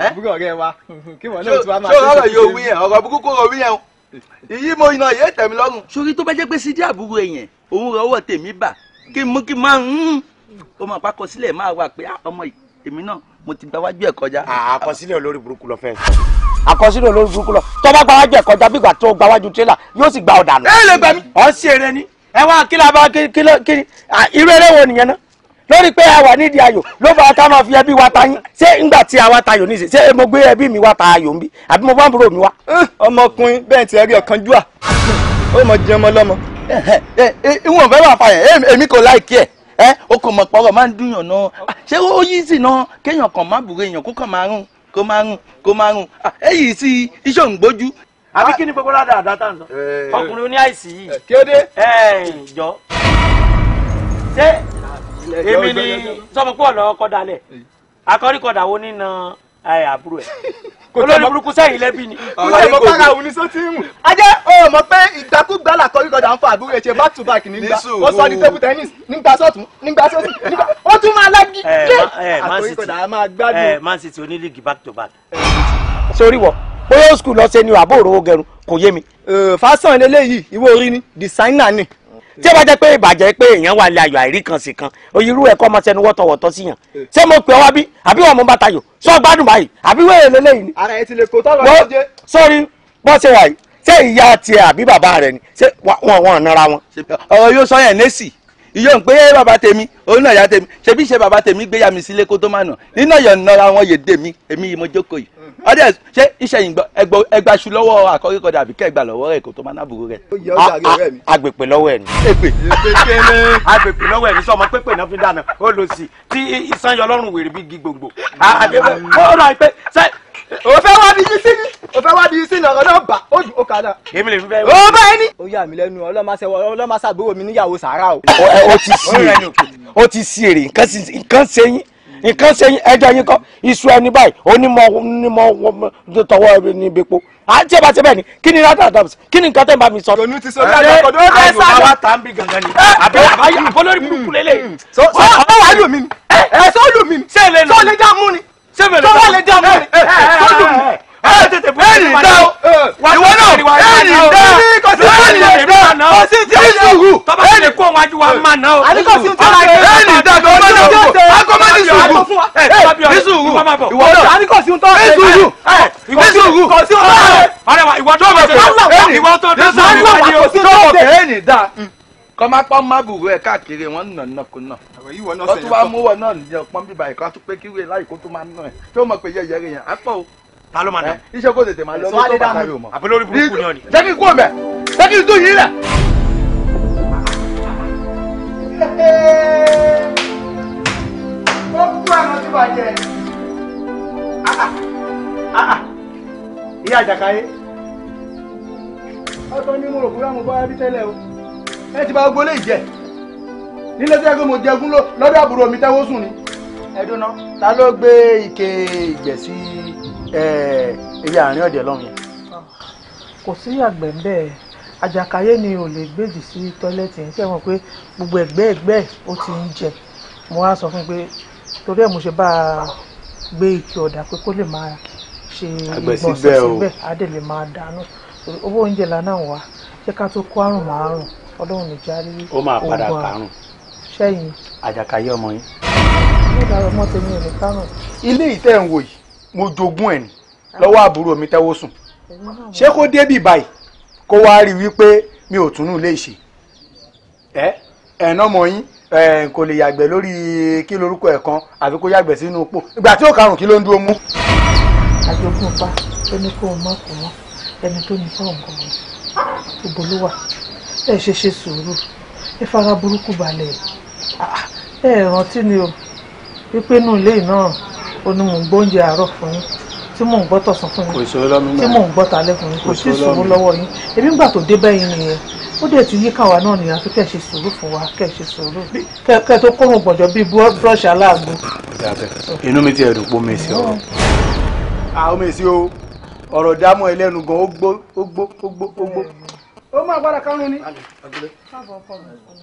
àbúrò ọ̀rẹ́ wa kí wọ́n náà ti wá máa ṣe. ṣé ọ̀rọ̀ yóò wí yẹn ọ̀rọ̀ burúkú rò wí yẹn o ìyí mo iná yé tẹ̀mí lọ́rùn. sori tó bá jẹ́ pé sídìí àbúrò èèyàn òun rọwọ́ tèmi bà kí mú kí máa ń ó máa pákọ sílẹ̀ máa wà pé ah, ọmọ èmi náà mo ti gba wájú ẹ̀ kọjá. àkọsílẹ̀ olórí burúkú lọ fẹ́ àkọsílẹ̀ olórí burúkú lọ tó bá gba wájú ẹ̀ kọjá bí ìgbà tó gba wájú tírélà yóò sì gba ọ̀dà nù. ẹ lè gbà mí. ọ̀ ń ṣe eré ni ẹ wá kí la bá kí kí irú eré wo nìyẹn náà lórí pé a wà nídìí ayò ló fà ká máa fi ẹbí wa ta yín ṣé ńgbà tí a wá tayò níṣẹ́ ṣé mo gbé ẹbí mi wá ta ayò ń bí àbí mo bá ń búrò ẹ eh, o kò mọ̀ pọ̀rọ̀ máa ń dùnyàn náà ah, ṣé ó yí sí náà kéèyàn kàn má bùrẹ̀ èèyàn kó kàn máa rún kó máa rún kó máa rún ah, ẹ yìí sí iṣẹ́ òǹgbójú. àbí ah. kí ni gbogbo rádà àdá tá ń sọ eh. ọkùnrin oní àìsí yìí eh, kí ó dé. ẹ jọ ṣé èmi ni sọmọpọ̀ lọ́ọ́ kọ́ dalẹ̀ akọ́ríkọ̀dà wo ní na ẹ àbúrò ẹ olórí burúkú sẹ́yìn lẹ́bí ni. ọ̀rẹ́ mo kára òun ni sọ ti ń wù. ajẹ́ o mọ̀ pé ìgbàkúgbà là kọ́ ìkọjà ń fa àbúrò ẹ̀ ṣe back to back nígbà ó sọ di table tennis nígbà sọ́tún nígbà sọ́tún nígbà ó tún máa lági gé. àkóríkọjà máa gbádùn. ẹ eh, Man City onílígì back to back. sórí wọ bóyá school lọ ṣe ni àbúrò owó gẹrun kò yé mi. Eh, fásán eléyìí ìwé orí ni designer ni tí ẹ bá jẹ́ pé ìbàjẹ́ pé èèyàn wà lé ayọ̀ àìrí kan sí kan oyin irú ẹ̀kọ́ ọmọ sẹ́nu wọ́tọ̀wọ́tọ̀ sí yàn eh. ṣé mo pè ọ wá bí àbí wọn mo bá tayò sọ gbádùn báyìí àbí wẹ́rẹ́ lélẹ́yìn ni. ara ẹ ti lè kó tọ́lọ́ ẹ jẹ́. sórí bọ́ ṣe wà yìí ṣé ìyá tiẹ̀ àbí bàbá rẹ̀ ni ṣé wọ́n wọ́n nara wọn. ọ̀rọ̀ yóò sọ yẹn lẹ́sì ìyóò ń pé bàbá tèmi òun náà ya tèmi ṣebí ṣe bàbá tèmi gbéyà mi sílé kó tó má nà nínú ọ̀yọ̀ nọra wọn yèdè mi èmi yìí mo jókòó yìí ọdẹ ṣé iṣẹ́ yìí ẹgbọ ẹgbaṣu lọ́wọ́ àkọ́ríkọ dàbí kẹgbà lọ́wọ́ rẹ̀ kó tó má nábùrú rẹ̀. agbèpè lọ́wọ́ ẹ̀ ni. agbèpè lọ́wọ́ ẹ̀ ni sọmọ pépè náà fi dáná ó lọ sí tí isan yọ wèrè bí gbogbo o fẹ́ wá bí yín sí ni o fẹ́ wá bí yín sí ni ọ̀rọ̀ náà bà ó dùn ó kà náà. èmi lè fi bẹ́ẹ̀ wọ. o bá ẹ ní. ó yà mí lẹ́nu ọlọ́mọṣàgbéwò mi níyàwó sàárà o. ó ti sí èrè ó ti sí èrè nǹkan ṣe yín nǹkan ṣe yín ẹjọ́ yín kọ́ iṣu ẹni báyìí onímọ̀ tọwọ́ ní bepo à ń tí ẹ bá ṣe bẹ́ẹ̀ ni kí ni rádà dàbs kí ni nǹkan tẹ́ ń bá mi sọ. tòun ti sọdí àjọ kò ló fẹ́ sáré. àyùbá ta ń bí gangan ni. àbẹ àbáyé olórí burúkú lélẹ̀. sọ wàá lù mí ni. ẹ sọ lù mí ni. sọ lè já mú ni sẹ́mi lè sọ́wọ́ lè dá mọ́ mi sọ́dún mi ẹ tètè bọ́ ẹ nì dá o ìwọ náà ẹ nì dá ẹ nì dá kò sí ti ẹ sùúrù tọ́ba ẹ nì kó wọn ajú wa máa ná o ẹ nì dá kò má náà o akọ́mọ́ ní sùúrù ẹ ní sùúrù ìwọ náà ní sùúrù ní sùúrù kò sí ọ̀rẹ́ wa ìwọ tó bẹ̀ tẹ̀ ìwọ tó bẹ̀ tẹ̀ ìwọ tó bẹ̀ tẹ̀ ẹ nì dá kọ́má pọ́n má bùrù ẹ̀ káàkiri wọn nà nà kó nà wọ́n tún wá mú wọn náà ní ọpọ́n bíbá ẹ̀kọ́ tó pé kíwé láì kó tó máa nà ẹ̀ tó mọ̀ pé yẹ̀yẹ̀ rẹ̀ yẹn á pọ̀ o. ta ló máa dà iṣẹ́ kó tètè máa lọ ní tó bàtà rẹ̀ mọ̀. àbúlórí burúkú ni ọ ni. jẹ́ kí n kú ọ̀bẹ jẹ́ kí n dún yìí rẹ̀. ó kú ẹran tí bàjẹ́ ìyá àjàkáyé ọ̀tọ̀ ẹ ti bá gbogbo lè jẹ nílé tẹ́ pé mo jẹgún lọ́dọ̀ àbúrò mi tẹ́wọ́ sùn ni ta ló gbé ike sí àárín yẹn. kò sí àgbẹ̀ bẹ́ẹ̀ àjàkáyé ni ò lè gbèjì sí tọ́lẹ́tì ń pé gbogbo ẹ̀gbẹ́ ẹ̀gbẹ́ ó ti ń jẹ mo wá sọ fún un pé torí ẹ̀ mo ṣe bá a gbé ike ọ̀dà pé kó lè máa ṣe ìgbọ̀nsẹ̀ síbẹ̀ á dẹ̀ lè máa dànù owó oúnjẹ lánàá wà jẹ́ ká tó kó ọlọ́run ní járí ó máa padà karùn-ún sẹ́yìn àjàkáyé ọmọ yín. ilé ìdáwọ̀ ọmọ tèmi ò ní karùn-ún. ilé ìtẹ́ ń wò yìí mo jogún ẹ̀ ní lọ́wọ́ àbúrò mi tẹ́wọ́ sùn ṣé kó débì báyìí kó wá rí wípé mi ò túnú lè ṣe ẹ ẹ̀ náà mọ̀ yín kò lè yàgbẹ́ lórí kí lorúkọ ẹ̀ kan àfi kó yàgbẹ́ sínú pò ìgbà tí ó karùn-ún kí ló ń dúró mú. àjogún pa tó kó o mọ̀ kó mọ̀ ẹni tó ní fọ́ọ̀mù kan gbogbo ló wà ẹ ṣe ṣe sùúrù ẹ fara burúkú balẹ̀ ah, ẹ rántí ni o wípé inú ilé náà o ní mò ń gbóúnjẹ àárọ̀ fún yín tí mò ń gbọ́ tọ̀sán fún yín tí mò ń gbọ́ talẹ́ fún yín kò sí sùúrù lọ́wọ́ yín èmi gbà tó dé bẹ́yìn nìyẹn ó dẹ̀ ti yí káwa náà nìyẹn àfi kẹ́ ṣe sùúrù fún wa kẹ́ ṣe sùúrù kẹ́ tó kórun gbọ̀njọ́ bíi búrọ́ọ̀ṣì aláàgbò. inú mi ti ẹ̀dùn pọ̀ mi sí ọ̀rọ̀. àwọn oh. mi sí o ọ̀rọ̀ dámọ̀ ẹlẹ́nu gan ó gbó ó gbó ó gbó ó gbó ó máa padà kánú ni.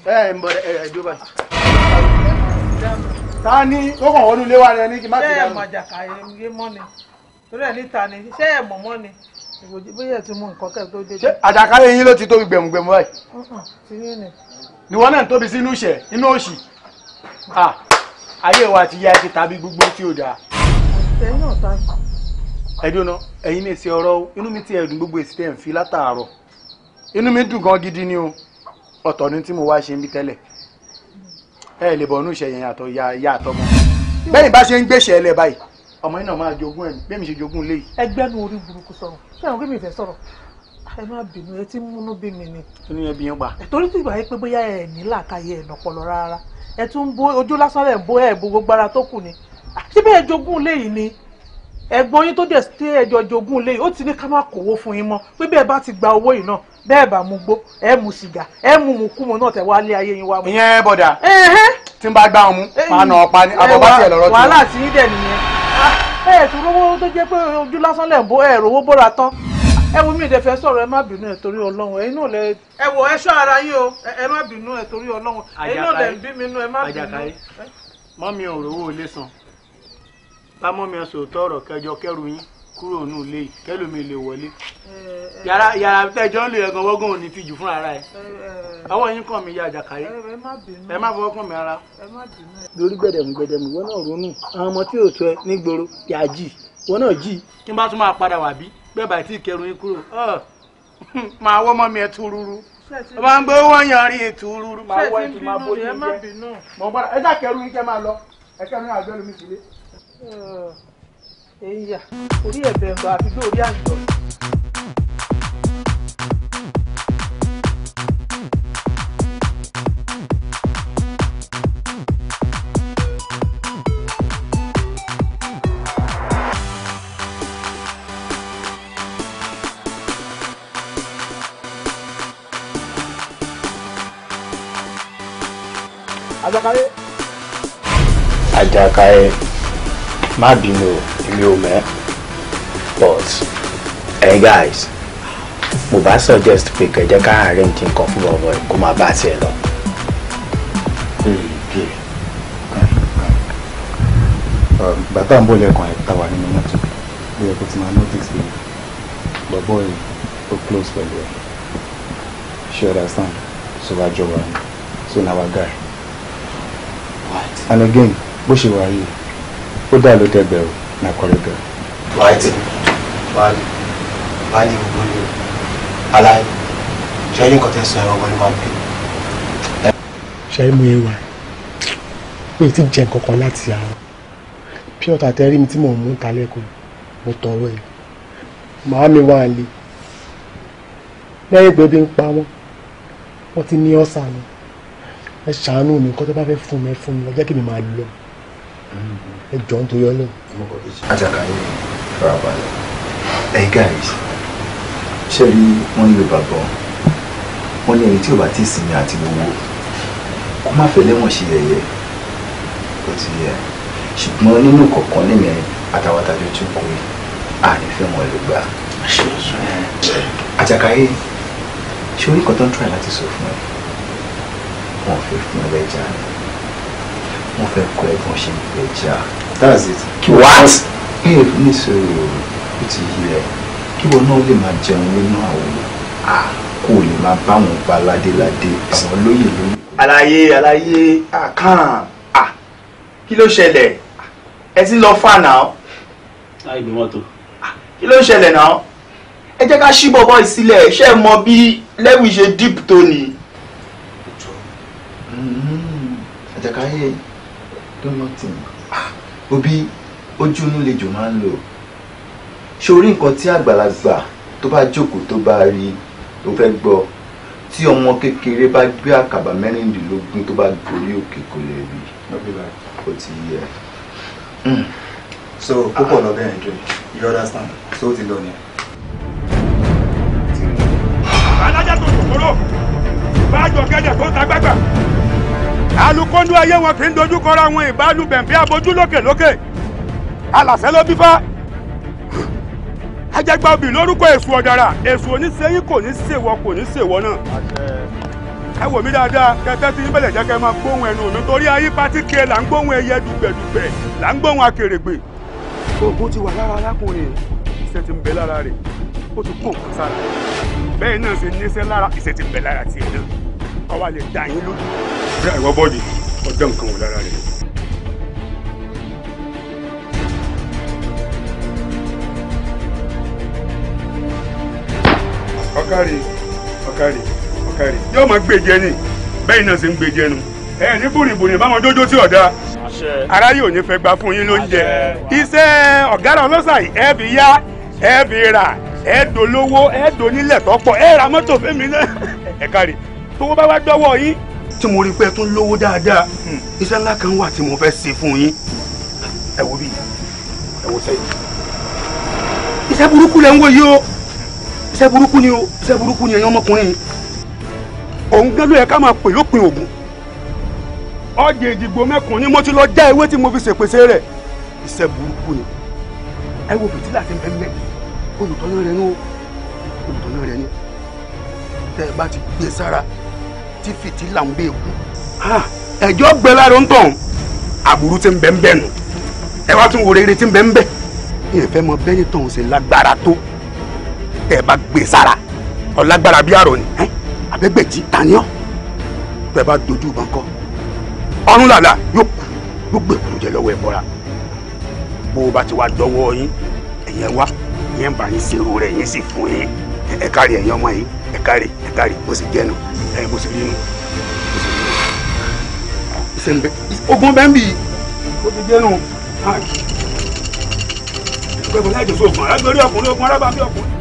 ẹ ǹ bọ̀ ẹ jó báyìí. ta ni ó kàn wọnú ilé wa rẹ ní kí n má ti dáná. ṣé ẹ mọ àjàkà yé mọ́ ni torí ẹ níta ni ṣé ẹ mọ̀ mọ́ ni bóyá ti mú nǹkan kẹ́ẹ̀ tó dé. ṣé àjàkálẹ̀ yín ló ti tóbi gbẹ̀mùgbẹ̀mù báyìí. ti yín ni. níwọ náà ń tóbi sí inú ìṣẹ́ inú òṣì ayé wa ti yá ti tàbí gbogbo tí ò dáa. ẹ̀yin náà ta. ẹ̀dùn náà ẹ̀yin ní èsì ọ̀rọ̀ inú mi ti ẹ̀dùn gbogbo èsì tẹ̀ ń fi látàárọ̀ inú mi dùn gan gidi ni o ọ̀tọ̀ ni tí mo wá ṣe ń bí tẹ́lẹ̀ ẹ lè bọ̀ ọ́nú ìṣẹ̀yìn yàtọ̀ ya àtọmọ bẹ́ẹ̀ bá ṣe ń gbèsè ẹlẹ́ báyìí ọmọ yìí náà máa jogún ẹ̀ bẹ́ẹ̀ mi ṣe jogún léyìí. ẹgbẹ́ nu orí burúkú sọ̀rọ̀ ṣé àwọn gbẹ̀mí ìfẹ́ sọ̀rọ̀ ẹ má bínú ẹ ti múnú bí mi ni. inú yẹn bí yẹn pa. torí tí ìgbà yẹn pé bóyá ẹ ní làákàyè ẹ̀ nọpọlọ rárá ẹ tún bó ojú lásán ẹ bó ẹ bó gbogbo ara tó kù ni síbẹ̀ ẹ jogún léyìí ni ẹ̀gbọ́n yín tó dẹ̀ ṣe ẹjọ́ jogún léyìí ó ti ní ká má kówó fún yín mọ́ pé bẹ́ẹ̀ bá ti gba owó yìí náà bẹ́ẹ̀ bá mu gbó ẹ mu sìgá ẹ mu mu kú mu náà tẹ̀ wá lé ayé yín wá mu. ìyẹn bọ̀dà tí n bá gbá wọn mú máa nà ọ̀pá ni abọ́ bá tiẹ̀ lọ́rọ́ tiwọn. wàhálà tí yín dẹ̀ nìyẹn ah, ẹ ẹ̀ tún rówó tó jẹ́ pé ojú lásán lẹ̀ ń bó ẹ̀ rówó bóra tán ẹ wo mi ò dẹ fẹ́ sọ̀rọ̀ ẹ má bínú ẹ torí Ọlọ́run ẹ̀yin náà lẹ ẹ wò ẹ ṣọ́ ara yín o ẹ má bínú ẹ torí Ọlọ́run ẹ̀yin náà lẹ ń bí mi nú ẹ má bínú kúrò nù ilé yìí kẹlòmí lè wọlé yàrá yàrá tẹjọ́ ń lè ẹ̀gàn wọ́gùn òní tìjú fúnra rẹ̀ ọwọ́ yín kàn mí ya àjàkáyé ẹ má fọwọ́ kàn mí ara. lórí gbẹdẹmú gbẹdẹmú wọn náà ronú àwọn ọmọ tí yóò tọ ẹ nígboro yà á jì wọn náà jì. tí n bá tún máa padà wà bí bẹ́ẹ̀ bá tí ìkẹrù yín kúrò máa wọ́ mọ́ mi ẹ̀ tú rúru ọba ń gbé wọ́n yan rí ètò rúru máa wọ́ ètò máa bóyá jẹ́ èyà orí ẹ̀bẹ̀ ń lọ àti bí orí àjọ. Àjàkáyé. Àjàkáyé má bínú èmi ò mẹ́ but hey guys mo bá suggest pé kẹjẹ ká arrange nǹkan fún ọmọ ẹ kó máa bá tiẹ̀ lọ. Um, bàtà ń bọ̀ lẹ́kàn ẹ̀ tàwa nínú mọ́tò bí ẹ kò ti máa notice pé bọ̀bọ̀ yìí ó close pẹ̀lú ẹ̀ she understand so wàá jọ wà ní so na wà guy and again bó ṣe wà yìí. kódà ló dẹ̀bẹ̀ o nàkọ́rẹ́ bẹ̀. wáìtì wáìlì gbogbo ni aláì ṣẹ́yìn kan sọ ẹ̀rọ wọlé máa ewa mi ti jẹ nkankan láti àárọ̀ bí ọ̀tà tẹ́rí mi tí mò ń mú ta lẹ́kọ̀ọ́ mo tọrọ ẹ̀ màá mi wá lẹ́yìn ń pa wọ́n wọ́n ni ṣàánú mi nǹkan bá fẹ́ fún mi fún mi lọ kí mi máa ẹ jọ ń toyọ lọ. àjàkálẹ̀ farabalẹ̀ hey guys ṣé rí wọ́n ní yorùbá gan wọ́n ní ẹni tí ò bá ti sinmi àti gbogbo kó má fẹ́ lẹ́wọ̀n ṣe yẹ̀yẹ́ kò ti yẹ ṣùgbọ́n nínú kọ̀ọ̀kan lèmi àtàwọn àtàjọ tún kù yìí ànífẹ́ wọn ló gbà. àjàkálẹ̀ ṣé orí kan tó ń tọ́ ẹ̀ láti sọ fún ẹ wọn ò fẹ́ fún ẹ lẹ́jà ni mo fẹ́ kọ ẹ̀gbọ́n ṣe ìgbẹ́jà that's it. kí wọ́n what. babe nísòro ó ti yí ẹ kí wọn náà lè máa jẹun nínú àwọn kó lè máa bá wọn pa ládéládé àwọn lóyè lóyè. àlàyé àlàyé àkàn kí ló ṣẹlẹ̀ ẹ ti lọ fà náà. láì gbé mọ́tò. kí ló ṣẹlẹ̀ náà ẹ jẹ́ ká ṣí bọ́bọ́ ìsílẹ̀ ṣé ẹ mọ bí lẹ́wìn ṣe deep tó ni. ẹ jẹ́ ká yé e do nothing ah, òbí ojú inú lejò máa ń lò ṣorí nǹkan tí àgbàlagbà tó bá jókòó tó bá rí tó fẹ́ gbọ́ tí ọmọ kékeré bá gbé àkàbà mẹ́rìndínlógún tó bá gorí òkè kò lè rí kò ti yẹ. Hmm. so púpọ̀ lọ bẹ́ẹ̀ ndre you understand so ti lọ nìyẹn. alájà tó ṣòkòrò bá a jọ kẹ́jà tó ta gbàgbà alukóńdó ayé wọn kì í dojú kọra wọn ìbálù bẹ̀m̀bẹ́ abojú lókè lókè alàṣẹ ló bí fá ajẹgba obì lórúkọ èṣù ọ̀dàrà èṣù oníṣẹ́yìn kò ní ṣèwọ kò ní ṣèwọ náà ẹ wò mí dáadáa kẹtẹ tí níbẹ̀lẹ̀ jẹ́ máa gbóhùn ẹnu mi torí ayé pátíkẹ́ là ń gbóhùn ẹyẹ dùgbẹ̀dùgbẹ̀ là ń gbóhùn akèrègbè. oògùn ti wà lára arákùnrin iṣẹ́ ti ń bẹ lára rẹ̀ ó ti kó òkú sára bẹ́ẹ̀ náà ṣe níṣẹ́ lára iṣẹ́ ti ń bẹ lára tiẹ̀ náà àwa lè dá yín lójú. bí àìwọ́ bọ́ọ̀dì ọjọ́ nǹkan wò lára rẹ̀. ọ̀kàrì ọ̀kàrì ọ̀kàrì yóò máa gbèjẹ ni bẹ́ẹ̀ náà ṣe ń gbèjẹ nu ẹ ní bùrìbùrì báwọn jójó tí ọ̀dà aráyé ò ní fẹ́ gbà fún yín lóúnjẹ iṣẹ́ ọ̀gára ọlọ́sà yìí ẹ fi yá ẹ fi rà ẹ dolówó ẹ donílẹ̀ tọ́pọ̀ ẹ ra mọ́tò fẹ́mi náà ẹ kárí tówó bá wá dọ́wọ́ yín. tí mo rí pé ẹ tún lówó dáadáa hmm. iṣẹ́ ńlá kan wà tí mo fẹ́ ṣe fún yín ẹ wo bí ẹ wo sẹ́yìn. iṣẹ́ burúkú lẹ ń wò yìí o iṣẹ́ burúkú ni o iṣẹ́ burúkú ni ẹ̀yin ọmọkùnrin òun gán ló ká máa pè lópin ògùn ọjà ìdìgbò mẹ́kùn ni mo ti lọ já ewé tí mo fi ṣèpèsè rẹ̀ iṣẹ́ burúkú ni ẹ wo fìtílà ti bẹ́ẹ̀ bẹ́ẹ̀ olùtọ́nà rẹ̀ ni olùtọ́nà rẹ̀ ni tẹ́ ẹ bá ti gbé sára tí fìtílà ń gbé kú ah, ẹjọ́ gbẹ lára ń tàn àbúrú ti ń bẹ ń bẹ nù ẹ wá tún wo rere ti ń bẹ ń bẹ yẹn fẹ́ mọ bẹ́ẹ̀ ni tọ̀hún ṣe lágbára tó tẹ́ ẹ bá gbé e sára ọlágbára bíi àrò ni abẹ́gbẹ̀jì taniọ́ tẹ́ ẹ bá dojú ìbọn kọ́ ọ̀run làlà yóò kú gbogbo èkúrò jẹ lọ́wọ́ ẹ bọ́ra bó o bá ti wá dọ́wọ́ yín ẹ̀yẹn wá ìyẹn bá yín ṣerú rẹ̀ yín sì fún yín ẹ kárí ẹ̀yin ọmọ yìí ẹ kárí ẹ kárí bó sì jẹ́nu ẹ bó sì rí inú bó sì rí inú. ìsèǹbẹ ogun bẹ́ẹ̀ ń bì í bó sì jẹ́nu. ìgbẹ́bọ̀ láì jọ sóògùn arábìnrin ọkùnrin ogun arábàbí ọkùnrin.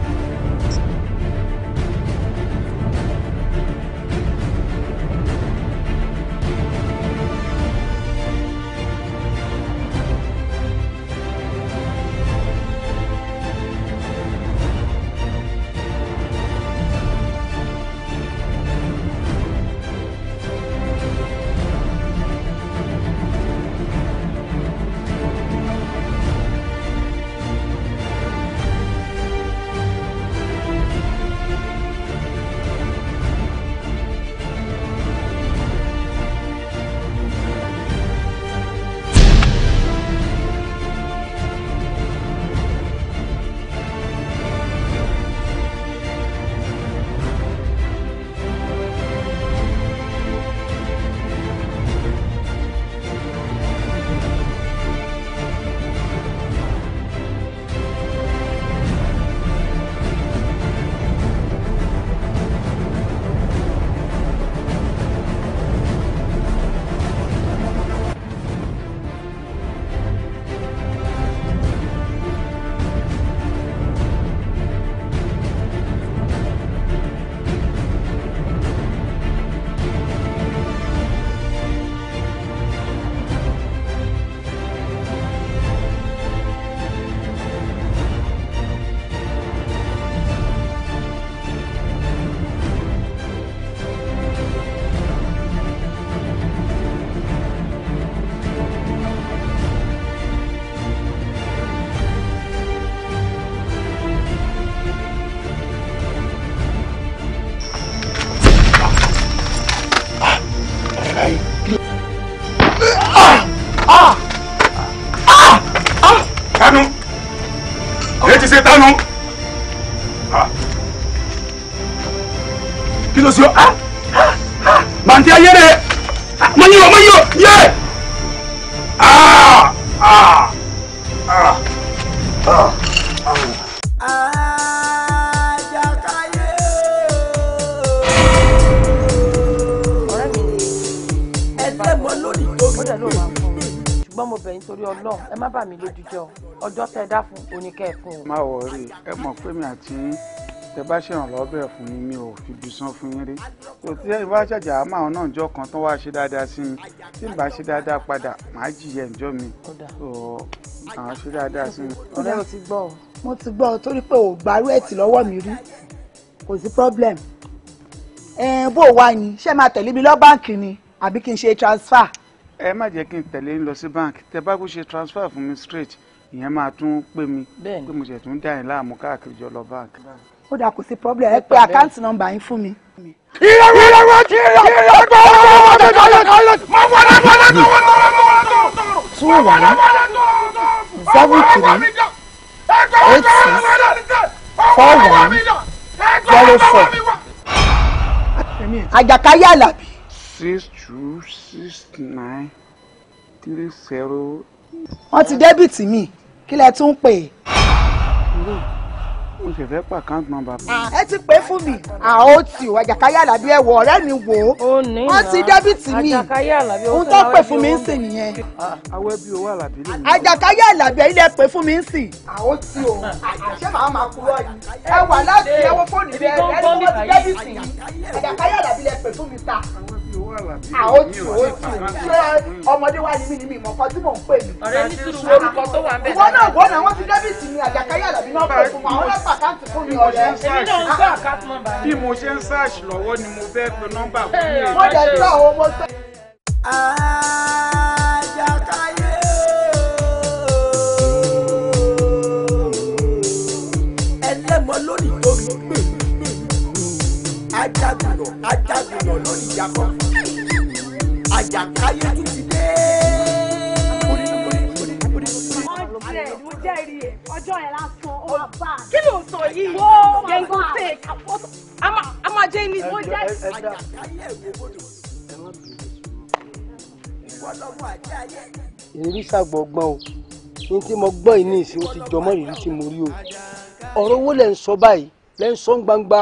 ẹ mọ̀ pé mi àti tẹ bá ṣèrànlọ́wọ́ bẹ̀rẹ̀ fún mi mi ò fìbí san fún yín rí kò tí ẹ bá ṣàjà àmọ́ àwọn náà jọ kan tó wá ṣe dáadáa sí mi tí n bá ṣe dáadáa padà màá jìyà ìjọ mi tó àwọn ṣe dáadáa sí mi. ọ̀rẹ́ mo ti gbọ́ ọ mo ti gbọ́ ọ torí pé ò gbárù ẹ̀tì lọ́wọ́ mi rí kò sí problem bó wá ni ṣé máa tẹ̀lé mi lọ báǹkì ni àbí kí n ṣe transfer. ẹ má jẹ́ kí n tẹ̀lé yín lọ sí báǹkì tẹ bá kó ṣe transfer fún mi straight ìyẹn máa tún pè mí pé mo ṣe tún dá yín láàmú káàkiri jọ lọ báńkì. ó dà kò sí problem ẹ pé àkáǹtì nọ́mbà yín fún mi. ìyá wo ìyá wo ti rà ìyá wo ọmọ ọmọ tó tó tó tó tó mọ wọlé wọlé tó wọlé wọlé tó tó tó wọlé wọlé tó tó seven three eight six four one zero four. àjàkáyé àlàbí. six two six nine three zero. wọ́n ti dẹ́bìtì mi kí lẹ tún pè é. mo sì fẹ́ pa account number. ẹ ti pè fún mi àó tì ó àjàkáyé àlàbí ẹ wọ ọ̀rẹ́ mi wò ó wọ́n ti dẹ́bìtì mi ohun tó pè fún mi ń sìn nìyẹn. awẹ́ bí owó àlàbí lè mú. àjàkáyé àlàbí ẹ ilẹ̀ pè fún mi ń sìn. àó tì ó àṣẹ màá máa kúrò yìí ẹ wà láti ẹwọ fóònù rẹ ẹ ní wọ́n ti dẹ́bìtì yìí àjàkáyé àlàbí lẹ pè fún mi ta àwọn tù ah, ó tù ṣé ọmọdé wa ni mí ni mí mọ kan tí mò ń pè mí. ọ̀rẹ́ ní tùrù orúkọ tó wà I bẹ̀. ìwọ náà gbọ́n náà wọ́n fi dẹ́bìtì mi àjàkáyà àlàbí náà pẹ̀ fún àwọn ọlọ́pàá káàtì fún mi ọ̀rẹ́. èmi náà ń sọ àkáàtì nọ́mbà rẹ. bí mo ṣe ń search lọ́wọ́ ni mo fẹ́ pe nọ́mbà fún lónìí lórí àjàkáyé tún ti dé. kí ló sọ yìí wọ́n gẹ̀ǹgù tẹ̀ a máa jẹ́ ní. àjàkáyé ìwé bòdò. ìwọ lọ́mọ àjẹ́ o ní tí mo gbọ́ yìí ní ìsìn ó ti jọmọ́ ìrírí tí mo rí o ọ̀rọ̀ owó lẹ́ ń sọ báyìí lẹ́ ń sọ gbangba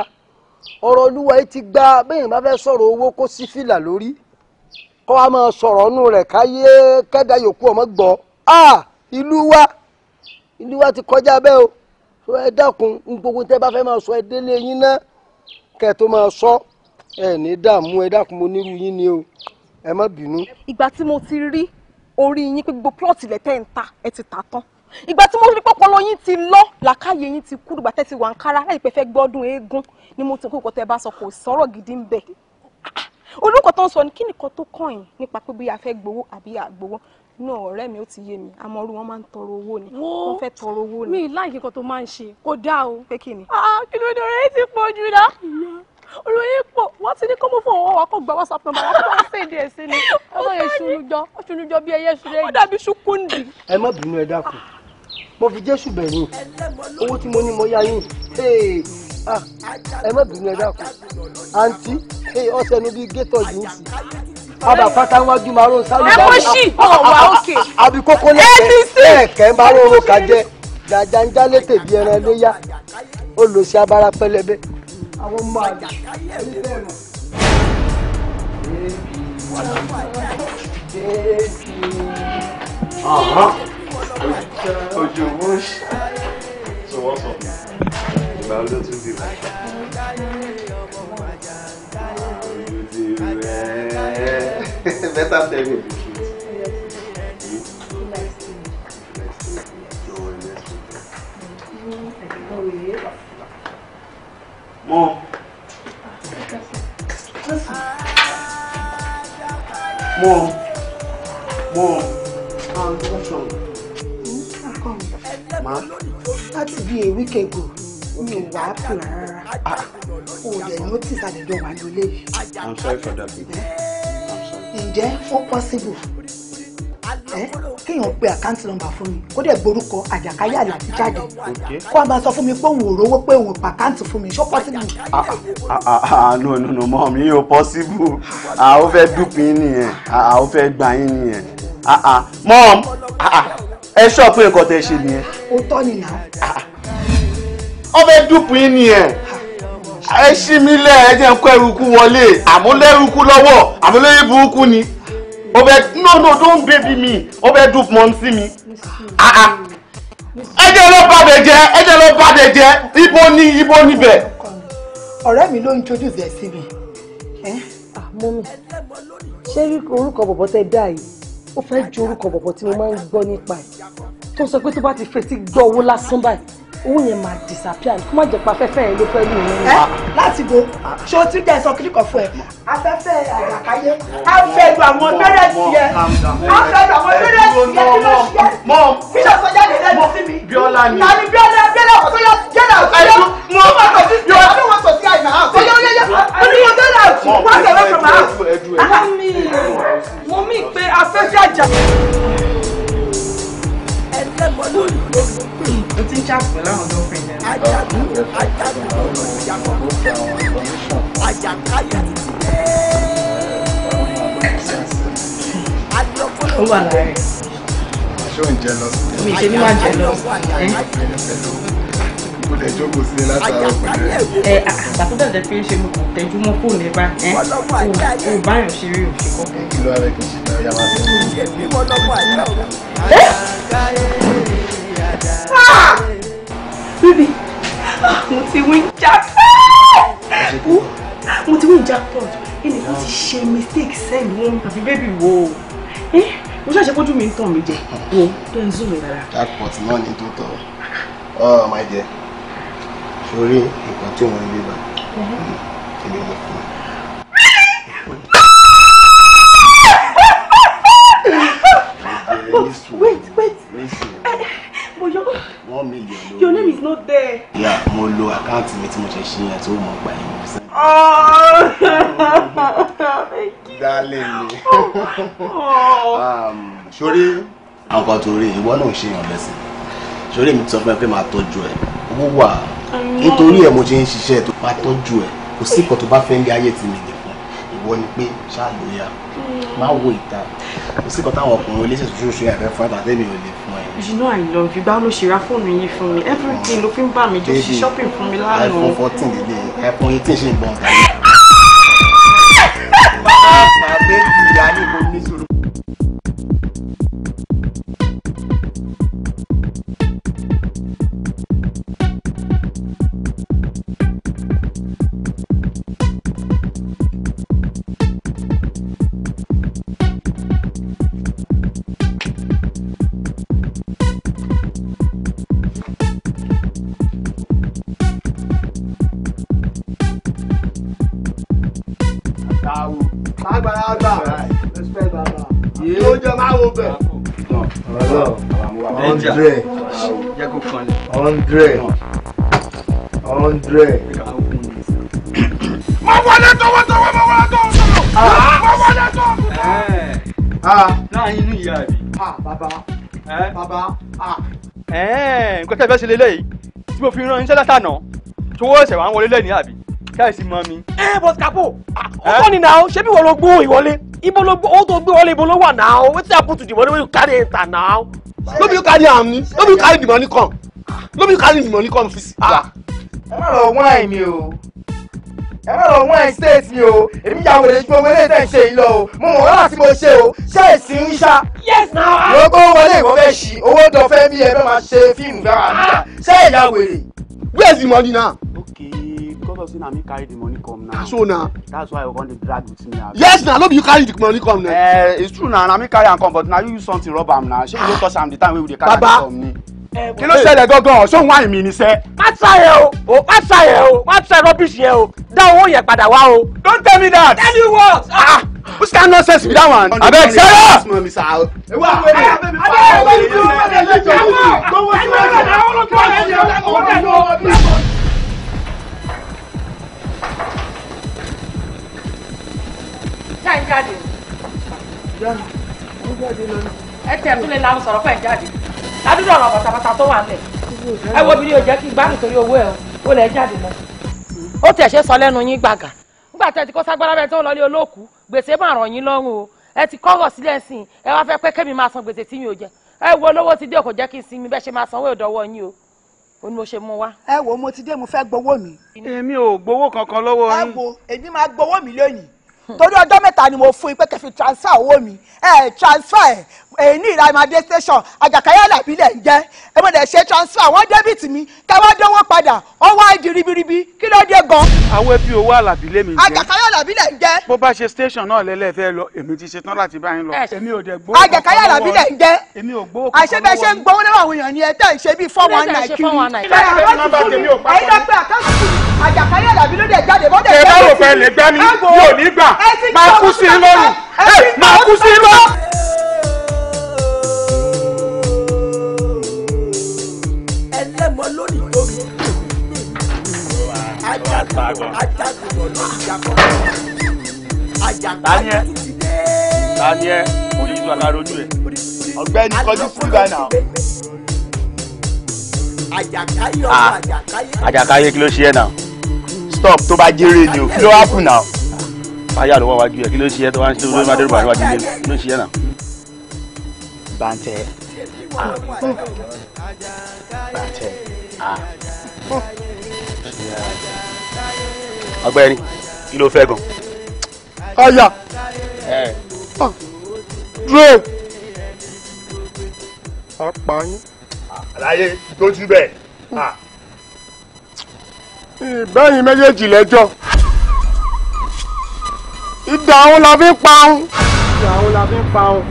ọ̀rọ̀ olúwa yìí ti gbá bẹ́ẹ̀ bá fẹ́ sọ̀rọ̀ owó kó sí fìlà lórí kọ́ wa máa sọ̀rọ̀ nù rẹ̀ káyé kẹ́dà yòókù ọmọ gbọ́ ìlú wa ìlú wa ti kọjá bẹ́ẹ̀ o ẹ dákun gbogbo tẹ́ bá fẹ́ máa sọ ẹ délé yín náà kẹ́ tó máa sọ ẹ ní dààmú ẹ dákun mo nírú yín ni o ẹ má bínú. ìgbà tí mo ti rí orí yín pé gbogbo plọ́ọ̀tì lẹ tẹ́ ń ta ẹ ti tà tán ìgbà tí mo rí pọpọlọ yín ti lọ làkàyè yín ti kú dùgbà ti wà ń kára láì pẹ́ fẹ́ gbọ́dún eégún ni mo ti kó ìkọtẹ bá sọ kò sọ̀rọ̀ gidi ń bẹ olùkọ́ tó ń sọ ni kí nìkan tó kàn yín nípa pé bí a fẹ́ gbowó àbí àgbowó náà ọ̀rẹ́ mi ó ti yé mi àmọ́ orí wọn máa ń tọrọ owó ni wọ́n fẹ́ tọrọ owó ni. mi láì kíkan tó máa ń ṣe kó dáa o. pé kí ni. Ah, kí ló dé ọ̀rẹ́ yìí ti pọ̀ jù náà olóyè pọ̀ wọ́n ti ní kó mú fún ọwọ́ wa kó gba whatsapp number wa kó wá sèǹdì sí ni ọmọ yẹn sunujọ ó sunujọ bí ẹyẹ sunjẹ yìí. ó dàbí sukundi. ẹ má bínú ẹ dákun mo fi jésù bẹ̀ yín owó tí mo ní mo yá yín Ah, ẹ má bínú ẹ dákun àǹtí ọsẹ nu bíi gétọ yìí ń sì abà pátá wájú máa rún sálù bá wà ah, ah, àbí kókó lẹkẹ lẹkẹ máa rún orúkà jẹ dàjà ń jálè tèbi ẹran ẹlẹyà ó lọ sí abara pẹlẹbẹ àwọn ọmọ àgbà ní bẹ́ẹ̀ mọ̀. Aha. Ojo Bush. So what's up? ìgbà ló tún bí better tell me the truth. Mom. Mom. Mom. Um, what's wrong? Ma? That's be a week ago mi ò wá pè rárá ah. o dẹ̀ ní ó tì sàlẹ̀ jọ wà lólè yìí. for that baby. Eh? ǹjẹ́ ó possible eh? kéèyàn pe àkáǹtì nọ́mbà fún mi kó dẹ̀ gborúkọ àjàkáyé àlàbí jáde kó a máa sọ fún mi pé òun ò rówó pé òun pa àkáǹtì fún mi ṣó possible. Ah, ah, no no no mọ mi yóò possible ó fẹ́ dúpin nìyẹn ó fẹ́ gbà yín nìyẹn mọ ẹ ṣọ́ pé nǹkan tẹ ṣe nìyẹn. ó tọ́ nìyà ọbẹ̀ dùpù yín nìyẹn ẹ ṣí mi lẹ̀ ẹ jẹ́ ń kó eruku wọlé àmúlẹ́rukú lọ́wọ́ àmúlẹ́rí burúkú ni ọbẹ̀ no no don't baby me ọbẹ̀ dùpù mọ́ sí mi ah, ah. ẹ jẹ́ lọ bàdẹ̀ jẹ́ ẹ jẹ́ lọ bàdẹ̀ jẹ́ ibo ni ibo níbẹ̀. ọ̀rẹ́ mi ló ń jojú bẹ̀ sí mi ah, mọ́mí ṣé rí orúkọ bọ̀bọ̀ tẹ́ dá yìí ó fẹ́ ju orúkọ bọ̀bọ̀ tí mo máa ń gbọ́ nípa ẹ̀ tó sọ pé tó bá ti fetí gbọ́ owó lásán báyìí owó yẹn máa disappear kó má jẹ pa afẹ́fẹ́ yẹn ló fẹ́ lù mí. ẹ láti bo ṣé o ti jẹ sọ kíríkọ fún ẹ afẹ́fẹ́ àjàkáyé á fẹ́ lu àwọn mẹ́rẹ̀ẹ́sì yẹn á fẹ́ lu àwọn mẹ́rẹ̀ẹ́sì yẹn kí ló ṣe é kí ló sọ jáde lẹ́nu sí mi. bíọ́lá ni tani bíọ́lá bíọ́lá kò tó yẹ jẹ́lá àtúnyẹ mo ma sọ sí bíọ́lá mo ma sọ sí àyìnbá àwọn ọ̀sẹ̀ yẹ yẹ onímọ̀ bíọ́lá àtúnyẹ wọ́n sọ̀rọ̀ sọ̀rọ̀ àwọn. mọ́mí mọ́mí pé afẹ́fẹ́ àjàkáyé lẹ́mọ̀ lórí lórí. o ti ń ṣàpọ̀ láwọn girlfriend rẹ. ajagun ajagun lọ́nà ìyàpọ̀ ló fẹ́ wọn. àjàkáyà ti ti lẹ́ẹ̀. adọ́fọ́lọ́ ó wà lára rẹ̀. ṣé ò ń jẹ lọ. mi ṣe ní máa jẹ lọ mo lè jókòó sílẹ̀ látàárọ̀ pẹ̀lẹ́. ẹ àgbà tó dàjẹ́ pé ṣe mo kàn tẹ́jú mọ́ fóònù ẹ bá ẹ o bá yàn ṣe rí òṣì kọ́. kí ló rẹ ah! ah, ti wí jápẹ́ mo ti ti ṣe mistake sẹ́yìn wọn àfi bébì wo mo ṣàṣẹ kójú mi ń tàn mí jẹ wo tó ń zoom mi jackpot náà ni tó tọ ọ máa jẹ sórí nǹkan tí wọ́n ń gbé bá èmi mo fún un. wait wait your name is not there. ìyá mo lo àkáǹtì mi tí mo ṣe ṣe yẹn tó mọ̀ gbà yín mo sẹ́. dálé mi oh. um, sórí àwọn kan tó rí ìwọ náà ṣe yàn lẹ́sìn sórí mi ti sọ fún ẹ pé máa tọ́jú ẹ owó nítorí ẹ̀ mo ṣe ń ṣiṣẹ́ tó máa tọ́jú ẹ̀ kò sí nǹkan tó bá fẹ́ ń lé ayé ti mi nìkan ìwọ ni pé ṣáàlóyà má wo ìta kò sí nǹkan táwọn ọkùnrin oníṣẹ́ ṣoṣooṣo yà fẹ́ fún ẹ̀ tàbí mi ò lè fún ẹ. you know i love you báwo ló ṣe ra fóònù yín fún mi everything ló fi ń bà mí jó ṣe shopping fún mi lánàá. iphone fourteen lè dé iphone eighteen ṣe ń gbọ̀n tàbí. lówó bẹ̀. hundred hundred hundred. mo wọlé tọwọ́ tọwọ́ mo wọlé tọwọ́ tọwọ́ mo wọlé tọwọ́. náà inú ìyá rẹ̀. Eh, bàbá. nǹkan tẹ́ fẹ́ ṣe lélẹ́yìí tí mo fi rán iṣẹ́ látànà tí owó ẹ̀sẹ̀ wà ń wọlé lẹ́nìí àbí káyìí sí mọ́ mi. ẹ bọ́sì kápò ọkọ nìyà ṣé bí wọ́n lọ gbó ìwọlé ibo ló all the tó gbé wọlé ibo ló wà náà wetin happen to the money wey you carry it now. no be you carry am ni no be you carry the money come no be you carry the money come fisi. ẹ má lọ wine mi o ẹ má wine state mi o èmi yà wòlé ju owó eléyìí ṣe yìí lọ o mo mọ̀ wọ́n láti mo ṣe o ṣé èsì ń yes now. wa. go, gbọ́ wọlé ìwọ fẹ́ ṣí owó dọ̀fẹ́ bí ẹ fẹ́ máa ṣe fíìmù fẹ́ wà níta ṣé where is the money now sure say na me carry the money come now. so na. that's why i come dey drag with me. yes na no be you carry the money come na. Uh, it's true na na me carry am come but na you use something rub am na shey you no touch am the time wey we dey carry am come ni. kí ló ṣẹlẹ̀ gangan ṣó ń wá ìmì ní sẹ́. má ṣàyẹ̀ o má ṣàyẹ̀ o má ṣàyẹ̀ rubbish yẹn o dá owó yẹn padà wá o. don't tell me that. tell you what. ah which kind nonsense be that one. abeg shut up. abeg abeg abeg. ṣá ń jáde. ìyá mi ó jáde lọ. ẹ tẹ̀ tún lè lanu sọ̀rọ̀ pẹ̀ ń jáde ládùúgbò ọ̀rọ̀ bàtàbàtà tó wà ń lẹ̀ ẹ wo obìnrin ò jẹ́ kí n gbádùn torí owó ẹ̀ ó lẹ̀ jáde lọ. ó tiẹ̀ ṣe sọ lẹ́nu yín gbàgà nígbà tẹ́ ti kó sagbára bẹ́ẹ̀ tó ń lọlé olóòkú gbèsè máa yín lọ́rùn o ẹ ti kọ́rọ̀ sílẹ̀ sí i ẹ wá fẹ́ pé kémi máa san gbèsè tí mi ò jẹ ẹ wo olówó ti dé kò jẹ́ kí n sinmi bẹ́ẹ̀ ṣe máa sanwó ìdọ́wọ́ yín o ó ní mo ṣe mú wá. ẹ wo mo ti dé mo fẹ́ gbowó mi. èmi ò gbowó kankan lọ́wọ́ yín. ẹ wo èmi máa gbowó mi lónìí torí ọjọ́ mẹ́ta ni mo fún yín pé kẹ́ fi transfer owó mi ẹ transfer ẹ èyí ní ìlàmàdé station àjàkáyà làbí lẹ̀ ń jẹ́ ẹ mọ̀ lẹ̀ ṣe transfer wọ́n débìtì mi káwá dánwó padà wọ́n wá di ribiribi kí ló dé gan. àwọn ẹbí owó àlàbí lè mi jẹ́ àjàkáyà làbí lẹ̀ ń jẹ́. bó bá ṣe station náà lẹ́lẹ́ fẹ́ lọ èmi ti ṣetán láti bá yín lọ. èmi ò dẹ̀ gbowó kankan lọ́wọ́ àjàkáyà làbí lẹ̀ ń jẹ́. èmi ò gbowó kankan lọ́wọ́ àṣẹ bẹ́ẹ̀ ṣe ń gbowó lọ́wọ́ àwọn èèyàn ni ẹ tẹ́ ẹ̀ ṣe bíi four one nine kiri. àjàkáyà làbí ló dẹ̀ jáde bọ́ dẹ̀ jáde. ẹ bá rò pé ẹ lè gbá mi yóò ní gbà máa kú sí i lọ́rùn máa kú sí i lọ́rùn. yẹn kò ní ìtura karo ẹ ọ̀gbẹ́ni kọjú fún ghana. àjàkáyé ọ̀rọ̀ ah, àjàkáyé. kí ló ṣe ẹ náà stop tó bá jèrè ni o kí ló wá kù náà. fáyà ló wá wájú ẹ kí ló ṣe ẹ tó wá ń ṣe lórí máa dẹrù ilé kí ló ṣe ẹ náà. bàǹtẹ̀ bàǹtẹ̀ ah. ọ̀gbẹ́ni kí ló fẹ́ gan. ọ̀yà dúró. a pa yín. àlàyé tó ti bẹ̀. ìbẹ́yìn méjèèjì lẹ́jọ́ ìdá òun la fi pa òun. ìdá òun la fi pa òun.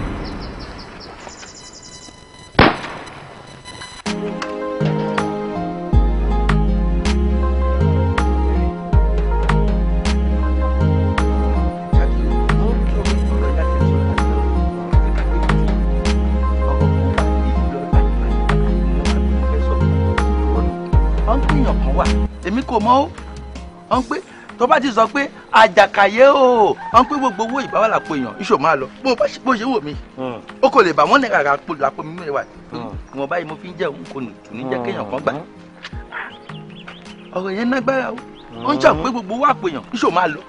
mọ́ ó wọ́n pé tó bá ti sọ pé àjàkàyé o wọ́n pé gbogbo owó ìbáwá làpò èèyàn iṣò máa lọ bó bó ṣe wò mí ó hmm. kò lè bà wọ́n náírà làpò làpò mi mẹ́wàá hmm. ìwọ̀n báyìí mo fi ń jẹun kò nù tù ní jẹ́ kéèyàn kan gbà hmm. ọ̀rọ̀ yẹn nágbára o ó ń jà pé gbogbo owó àpò èèyàn iṣò máa lọ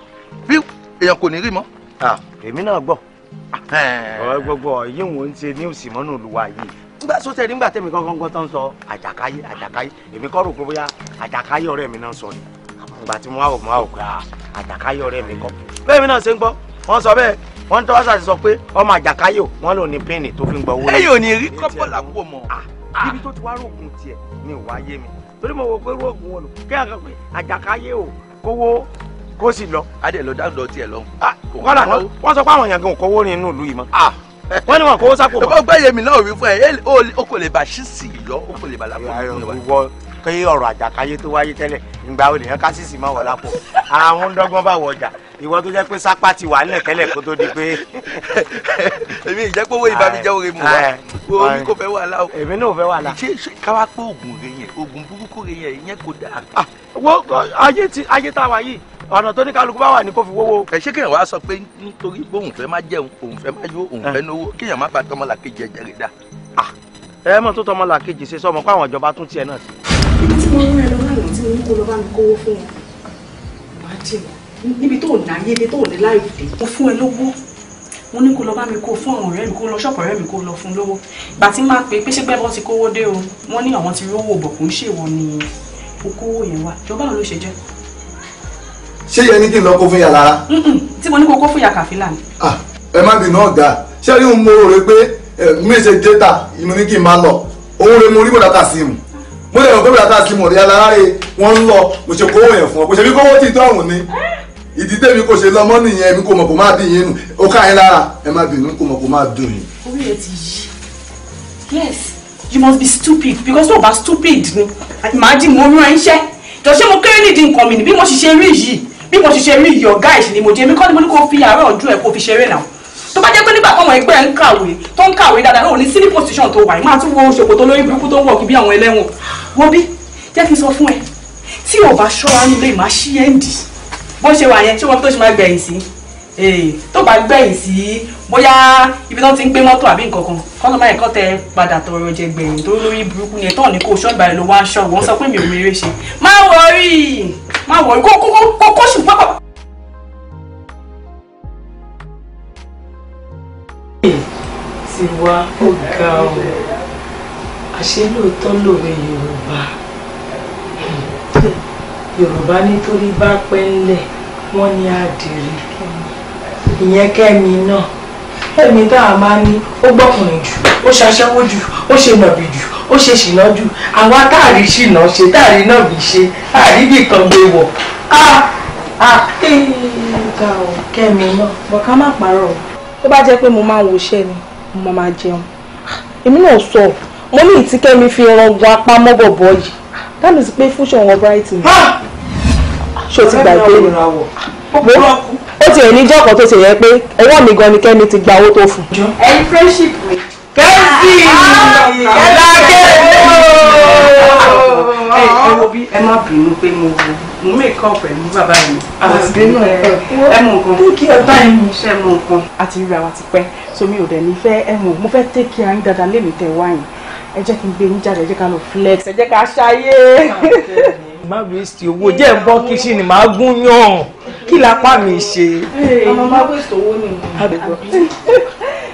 bí èèyàn kò ní rí mọ́. Ah, èmi náà gbọ́ gbogbo yíwọ̀n ń ṣe ní òsì mọ́nà olùwà yìí nígbà sọ́sẹ̀ rí nígbà tẹ̀mí kankan kan tán sọ àjàkáyé àjàkáyé èmi kọ́ rò pé bóyá àjàkáyé ọ̀rẹ́ mi náà sọ ni ìgbà tí mo wá òkú àwòkú ah, àjàkáyé ọ̀rẹ́ mi kọ́ bẹ́ẹ̀ mi náà ṣe ń gbọ́ wọ́n sọ bẹ́ẹ̀ wọ́n tọ́ wáṣà ti sọ pé ọmọ àjàkáyé wọ́n lò ní píìnì tó fi ń gbọ́ owó. ẹyọ ni rí kọ́pọ̀ làkúwọ̀ mọ́. ibi ah, ah. tó ti wá rògùn tiẹ̀ ni ò wáyé mi torí mo wò pé rògùn wọn lò kí àjàkáyé o kówó kó sì lọ. adé lọ dáńdọ̀ tiẹ̀ lọ. kọ́lá wọ́n sọ pé àwọn èèyàn gan kówó nínú ìlú yìí mọ́ wọ́n ní wọn kó sápò ọgbẹ́ yẹmi náà wí fún ẹ o kò lè bá ṣíṣì lọ o kò lè bá lápò ìwọ kí ọ̀rọ̀ àjàkáyé tó wáyé tẹ́lẹ̀ ìgbà wo nìyẹn kásìsì máa wọ̀ lápò àwọn ń bá wọ ìwọ tó jẹ́ pé sápá ti wà nílẹ̀ tẹ́lẹ̀ kó tó di pé. èmi ìjẹ́ owó ìbá jẹ́ oore mu wa omi kò fẹ́ wàhálà o. èmi náà ò fẹ́ wàhálà. ṣé káwá pé oògùn rẹ yẹn oògùn burúkú rẹ yẹn ìyẹn kò dáa. Ah, wo ayé tá a wà yìí ọ̀nà tó ní kálukú bá wà ní kó fi wówó. ẹ ṣé kéèyàn wá sọ pé nítorí bóun fẹ́ máa jẹun òun fẹ́ máa yó òun fẹ́ náwó kéèyàn má bàa tọmọ làkejì ẹ̀jẹ̀ rẹ̀ dà. ẹ mọ̀ tó tọmọ làkejì ṣe sọmọ pé àwọn ìjọba tún tiẹ̀ náà sí. ibi tí mo rán ẹ lọ́wọ́ àná tí mo ní kó lọ bá mi kówó fún wọn máa dì mọ́ níbi tó ní ayé dé tó ní láì dé mo fún ẹ lówó mo ní kó lọ bá mi kó fún àwọn ọ̀rẹ́ mi kó lọ ṣọ́ọ̀pù ọ̀rẹ́ mi kó lọ fún lówó ìgbà tí máa pè pé ṣé gbẹ́bọ́ ti kówó dé o wọ́n ní àwọn ti rówó bọ̀ kó ń ṣèwọ ni okòwò yẹn wà ìjọba ò ló ṣe jẹ́ ṣé yẹ ní kí n lọ kó fún yà lára. tí mo ní kó kó fún yà kàfílà Ah. ẹ má bínú ọ̀gá ṣé rí mo rò pé mẹ́sẹ̀ dẹ́ta mo ní kí n máa lọ òun rẹ mo rí bọ̀dá tà sí mu mo lè rò pé bọ̀dá tà sí mu rí alára rẹ wọ́n ń lọ mo ṣe kówó yẹn fún ọ kò ṣe bí kówó ti tọ́ ọ̀hún ni ìdí tèmi kò ṣe lọmọ nìyẹn mi kò mọ̀ kó má dín yín nù ó ká yín lára ẹ má bínú kò mọ̀ kó má dùn yín. orí rẹ ti yí yes you must be stupid because tó stupid ni màá dì mọ́ orí rẹ ń ṣẹ́ jọ ṣé mo kéré nídìí nǹkan mi ni bí mo ṣì ṣe rí yìí bí mo ṣe ṣe mí yìí ọ̀gá ìṣìn ni mo jẹ́ mi kọ́ ni mo ní kó fi àárọ̀ ọdún ẹ̀ kó fi ṣeré náà tó bá jẹ́ pé nígbà táwọn ẹgbẹ́ ń kàwé tó ń kàwé dáadáa náà ò ní sí ní pòsíṣàn tó wà yìí máa tún wo ṣòkòtò lórí burúkú tó ń wọ̀ kí bí àwọn ẹlẹ́wọ̀n wo bí jẹ́ kí n sọ fún ẹ tí ò bá ṣọ́ra nílé ìmá ṣí ẹ́ǹdì bó ṣe wà yẹn ṣé wọn tó ṣe máa gbẹ̀yìn sí tó bá gbẹ̀yìn sí bóyá ibi tó ti ń gbé mọ́tò àbí nǹkan kan kọ́nà máa ẹ̀kọ́ tẹ padà tọrọ jẹ gbẹ̀yìn tó lórí burúkú yẹn tó ní kó ṣọ́ọ̀bà ẹ̀ ló wá aṣọ wọn sọ pé mi ò mèrè ṣe má wọrí má wọ̀ kó kó kó kó sì pápá. ti wá ọ̀gá o àṣé lóòótọ́ lòwe Yorùbá Yorùbá nítorí bá pẹ́ ńlẹ̀ wọ́n ní àdìrí ìyẹn kẹ́mi náà ẹ̀mí tá máa ní ó gbọ́kùnrin jù ó ṣaṣẹ́wó jù ó ṣe nàbì jù ó ṣe ṣìnà jù àwa táàrí ṣìnà ṣe táàrí náà bí ṣe táàrí bí kan gbé wọ̀ á á ga ọ kẹmi náà bọ̀ ká má parọ́ tó bá jẹ́ pé mo máa ń woṣẹ́ ni mo máa jẹun èmi náà sọ mo ní ìtíkẹ́mi fi rangun apá mọ́bọ̀bọ̀ yìí that means pé fúnṣọ̀ wọn bright mi ṣó ti gbàgbé ni ó ti ẹ̀ níjọ́ tó ti yẹ pé ọwọ́ mi gan ni kẹ́mi ti gba owó tó fún. ẹ̀yin friendship mi kẹ́sì kẹ́lákẹ́ ẹ wo bí ẹ má bínú pé mo mo mèkọ́ pẹ̀lú bàbá mi àbẹ̀sẹ̀ náà ẹ mọ nǹkan kí ẹ bá mi ṣe mọ nǹkan. àti rí àwa ti pẹ́ so mi ò dẹ̀ ní fẹ́ ẹ mọ̀ mo fẹ́ tẹ́kì ayín dáadáa lémi tẹ̀ wáyìn ẹ jẹ́ kí n gbé yín jáde ẹ jẹ́ ká lọ flex ẹ jẹ́ ká ṣayé má waste owó jẹ́ ń bọ́ kíṣìn ni màá gún yàn kí lápá mi ṣe. ọmọ má waste owó ni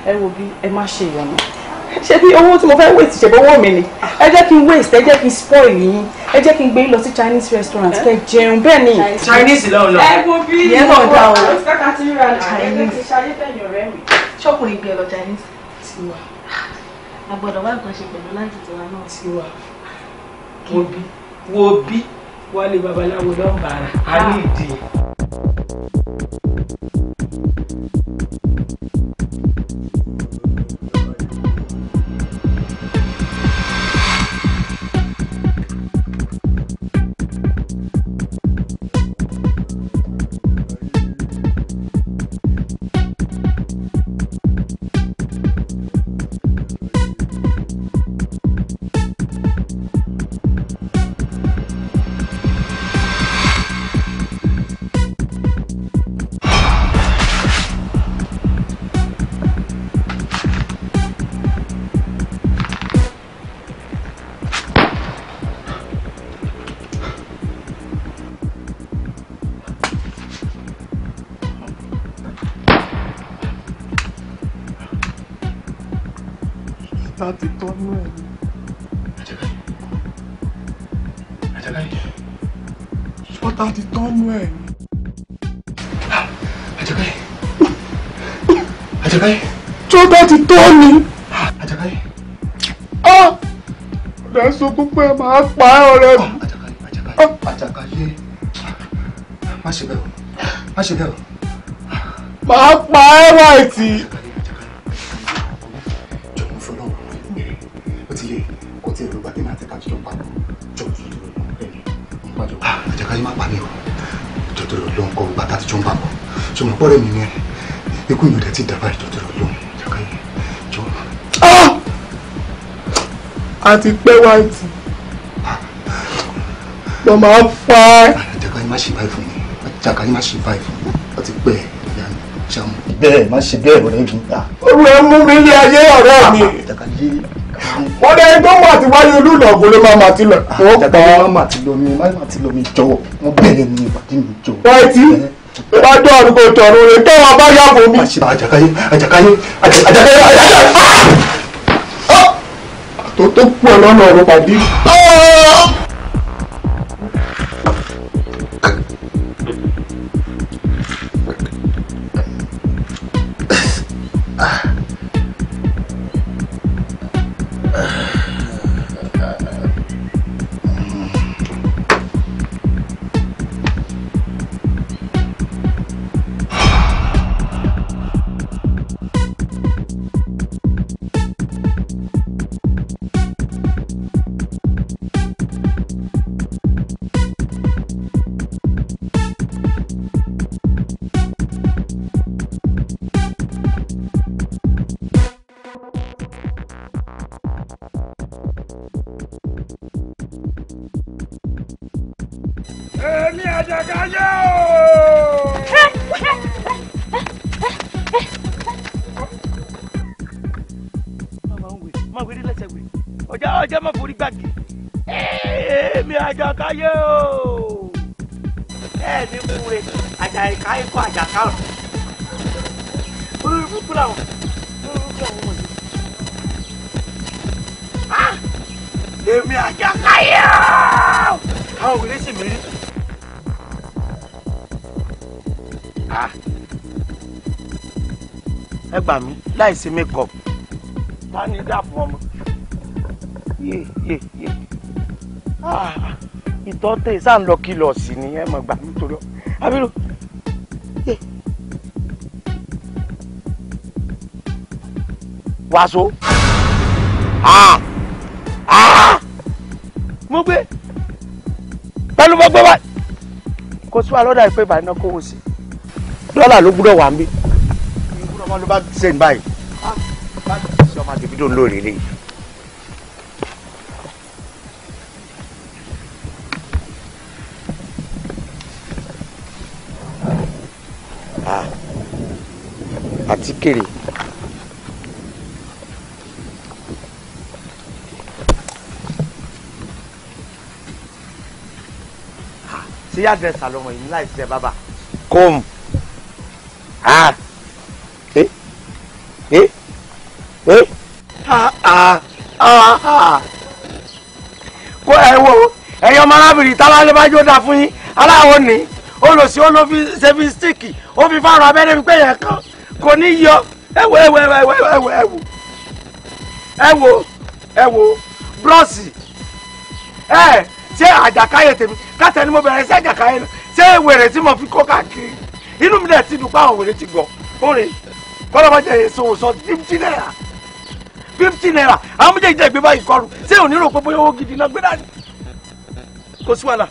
ẹ wo bí ẹ má ṣe ìyọnu ṣe bí owó tí mo fẹ́ waste ṣe bí owó mi ni ah. ẹ jẹ́ kí n waste ẹ jẹ́ kí n spoil yín ẹ jẹ́ kí n gbé yín lọ sí Chinese restaurant kẹ́ jẹun bẹ́ẹ̀ ni. Chinese lọ lọ ẹ wo bí ìyẹn náà dá o ṣọkùnrin gbé lọ Chinese. tiwa a gbọ́dọ̀ wá nǹkan ṣe pẹ̀lú láti tiwa náà. tiwa wo bí wo bí wálé babaláwo lọ́nbàá a ah. ní ìdí. àbúrò ẹ̀. àjàkáyé àjàkáyé sọ́tà ti tán mú ẹ̀ ni. àjàkáyé àjàkáyé. sọ́tà ti tán ni. àjàkáyé. ọ̀rẹ́ sunkún pé màá pa ọ̀rẹ́ mi. àjàkáyé àjàkáyé má ṣe sọmọ pọ́rẹ́ mi yẹn ikú yìí ò dẹ̀ ti dàbá ìjọ tó lọ lóhùn jàkà yìí jọ. àti ah! ah! pé wáìtì lọ máa ń fa ẹ. jàkà yìí má ṣe báyìí fún mi jàkà yìí má ṣe báyìí fún mi ó ti pẹ́ ìyá mi ṣàmù. bẹ́ẹ̀ má ṣe bẹ́ẹ̀ ọ̀rẹ́ mi. Ah. olú ẹ mú mi ní ayé ọ̀rẹ́ mi. jàkà yìí wọ́n dẹ́ tó mọ̀ àti wáyé olúlọ̀gbọ̀n ló máa ti lọ. ó pa máa ti lomi máa ti lomi jọ̀wọ́ wọ́n bẹ̀rẹ̀ ní ìpàdé mi jọ̀wọ́. báyìí ìbájọ́ àdúgbò tọ̀run rẹ̀ tọ́wọ́ bá yàgò mi. àjàkáyé àjàkáyé àjàkáyé àjàkáyé ah! tó tó kú ẹ lọ́nà ọ̀rọ̀ pàdé. Ah! bẹ́ẹ̀ ni kúre àjàyè ká ikọ̀ àjàká rẹ̀ olórí kúkú làwọn olórí kúkú làwọn wọ̀nyí. èmi àjàká yẹ àwọn òkèlè sì mí rí. ẹ gbà mí láì sí makeup ta ni dá yeah, yeah. yé Ah ìtọ́tẹ̀ sáà ń lọ kìlọ̀ sí ni ẹ mọ̀ gbà nítorí ọ abiru. wàásù mo gbé pẹ̀lú mo gbé wá kò sí wa lọ́dà ìpè ìbànú kò wò sí dọ́là ló gbúdọ̀ wà ń bí. ìgbúdọ̀ wọn ló bá ṣe ń báyìí. bá a ti ṣe ọmọ àti fídíò ń lò ti kéré. Ah, sí àdírẹ́sì àlọ́mọ yìí láì ṣe bàbá. kom ah eh eh eh ah ah ah ah kó ẹ wo ẹyọ ọmọ arábìnrin tábàlẹ́ bá jó dáa fún yín aláwọ̀ ni olùsí ó ló fi ṣe fi stíìkì ó fi fáwọn abẹ́rẹ́ mi kan kò ní yọ ẹ wo ẹ wo ẹ wo ẹ wo ẹ wo ẹ wo ẹ wo búrọ́ọ̀sì ẹ ṣé àjàkáyé tèmi káṣẹ ni mo bẹ̀rẹ̀ sí àjàkáyé lọ ṣé wèrè tí mo fi kó káàkiri inú mi dẹ̀ ti dùn pé àwọn wèrè ti gbọ̀ òrè kọ́lọ́mọdé èso òsọ fifty naira fifty naira àwọn méjèèjì dẹ̀ gbé báyìí kọ́rù ṣé òní rò pé bóyá owó gidi náà gbé dání kò sí wàhálà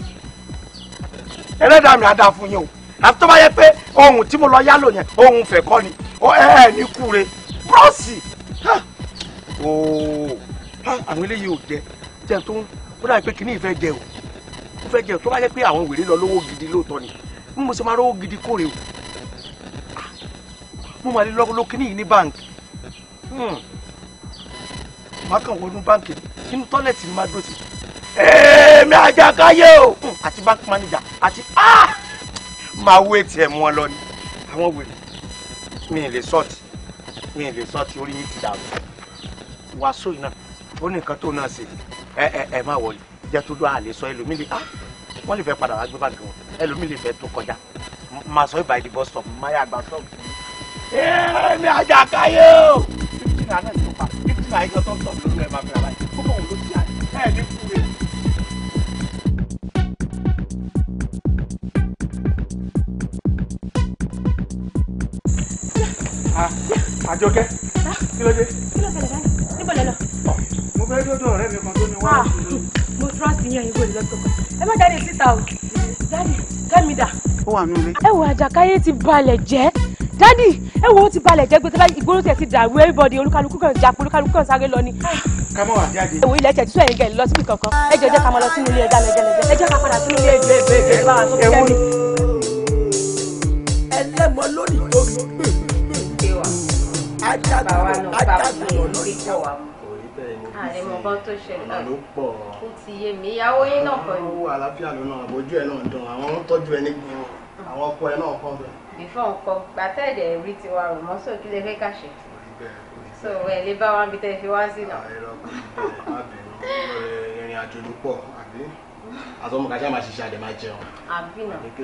ẹlẹ́dàá mi á dáa fún yín o àfi tó bá yẹ pé ohun tí mo lọ yálò yẹn ohun fẹ́ kọ́ ni ẹ ẹ ní kúre bọ́ọ̀sì ooo àwọn eléyìí ò jẹ jẹ tó ń ó dàbí pé kínní ìfẹ́ jẹ o ó fẹ́ jẹ o tó bá jẹ́ pé àwọn wèrè lọ lówó gidi lóòótọ́ ni bí mo ṣe máa rówó gidi kórè o mo máa lè lọ lo kínní yìí ní báǹkì hmm. màá kàn wọnú báǹkì nínú tọ́lẹ̀tì ni màá dòsì ẹ̀ẹ́mí àjàkáyé o hmm. àti báǹkì mánéjà àti áà. Ah! máa wé tiẹ̀ mú ọ lọ ni àwọn wèrè mi ì lè sọ́ọ̀tì mi ì lè sọ́ọ̀tì orí yìí ti dàrú wàásù iná ó ní nǹkan tó náà ṣe ẹ ẹ ẹ má wọlé jẹ́ tó dún àlè sọ ẹlòmíì lè ah wọ́n lè fẹ́ padà wá gbé báàgì wọn ẹlòmíì lè fẹ́ tó kọjá máa sọ ìbàdí bus stop máa yà gbà sọ́ọ̀bù. ẹ mi àjàkáyé o fifteen àná ìjọba fifteen àìjọ tó ń sọ fún mi máa fi ara kókò òun ló ti àyè ẹ ní kúrè. àjọkẹ́ kí ló dé. kí ló ṣẹlẹ̀ báyìí níbo lẹ lọ. mo fẹ́ dọ́dọ̀ ọ̀rẹ́ mi kan tó ní wá. mo trust yín ẹ̀yin bòlè lọ́tọ̀ ẹ má jáde síta o jáde kẹ́mi dà. ó wà nínú ilé. ẹ wo àjàkáyé ti balẹ̀ jẹ́ dádì ẹ wo ti balẹ̀ jẹ́ gbẹ́tẹ́ báyìí ìgboro tẹ̀ ti dàrú everybody olúkálukú kan jà olúkálukú kan sáré lọ ni. ká mọ̀ wá jáde. èwo ilẹ̀ tẹ̀ tí sọ̀yìn gẹ̀ lọ síbi kankan ẹ jẹ́ jẹ́ ká máa lọ sínú ilé ẹja lọ jẹ́lẹ̀ jẹ́ ẹ jẹ́ ká padà sínú ilé ẹgbẹ́ ẹgbẹ́ ẹgbẹ́ bá a tó kẹ́mi. ẹlẹ́mọ lónìí lórí gbè àjàgbà àjàgbà lórí pọ̀ wá àrèmọ̀bọ́n tó ṣẹlẹ̀ ó ti yé mi ìyàwó yín náà kọ́ ni. owó àlàáfíà ló náà àbójú ẹ náà dùn àwọn ń tọ́jú ẹ nígbìn àwọn ọkọ ẹ náà kọ́ bẹ́ẹ̀. bífọ̀ nǹkan gbàtẹ́ ẹ̀dẹ̀ rí tiwa rò mọ́ sókè lè fẹ́ kàṣẹ. so ẹ lè bá wọn bí tẹ fi wá sí náà. àìrọ ìrìn àjò ló pọ̀ àbí àtọmọ kàṣà máa ṣiṣẹ́ àdè máa jẹun. àbí náà àbí kí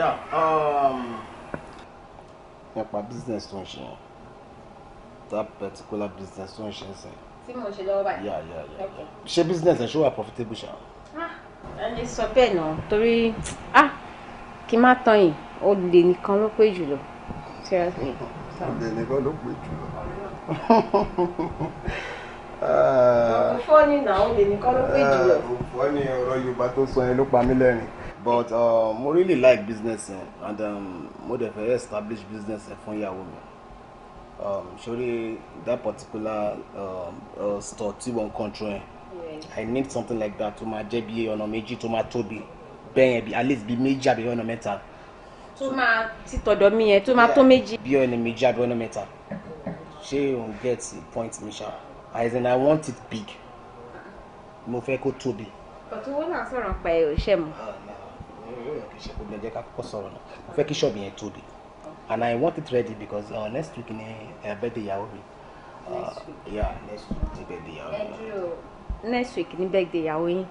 um, nípa business tó ń ṣe yẹn that particular business tó ń ṣe ń sìn. tí mo ṣe lọ́wọ́ báyìí. yà yà yà ṣé business ẹ̀ ṣó wà profitable ṣá. a ah, lè sọ bẹ́ẹ̀ náà torí ah, kí n má tán yìí olè nìkan ló pé jùlọ seriously. olè nìkan ló pé jùlọ. Ah. òfò ni náà olè nìkan ló pé jùlọ. òfò ni ọ̀rọ̀ Yorùbá tó sọ yẹn ló pa mí lẹ́rìn but uh, mo really like business yẹn eh, and um, mo dẹ̀ fẹ́ establish business yẹn fún ìyàwó mi um, sori that particular um, uh, store tí wọ́n control yẹn I need something like that to máa jẹ́ bí ọ̀nà méjì to máa tóbi bẹ́ẹ̀ yẹn at least bí méjì àbí ọ̀nà mẹ́ta. To máa ti tọ̀dọ̀ mi yẹn tó máa tó méjì. bí ọ̀nà méjì àbí ọ̀nà mẹ́ta ṣé o get the point mi ṣá as in I want it big uh-uh. mo fẹ́ kó tóbi. ọ̀tún wọn náà sọ̀rọ̀ pa ẹ̀ òṣèlú. Oh, fẹ́ tóbi and I want it ready because uh, next week ni uh, birthday ìyàwó mi. next uh, week uh, yeah next week ni birthday ìyàwó mi. next week ni birthday ìyàwó yín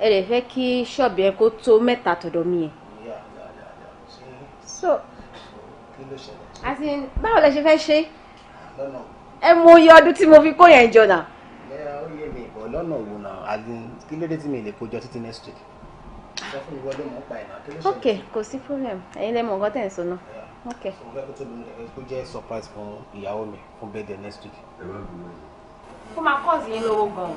ẹ lè fẹ́ kí ṣọ́ọ̀bù yẹn kó tó mẹ́ta tọ̀dọ̀ mi yẹn. so àti báwo lẹ ṣe fẹ́ ṣe ẹ mọ iye ọdún tí mo fi kó yẹn jọ náà. ó yé mi ìbọn lọ́nà òun náà àti kí ló dé tí mi lè kó jọ títí next week ok kò sí problem ẹ̀yin lẹ́mọ̀ nǹkan tẹ̀ ń sọ náà ok. mo jẹ́ surprise fún ìyàwó mi fún birthday next week. kó máa kọ́ọ̀sì yín lówó gan-an.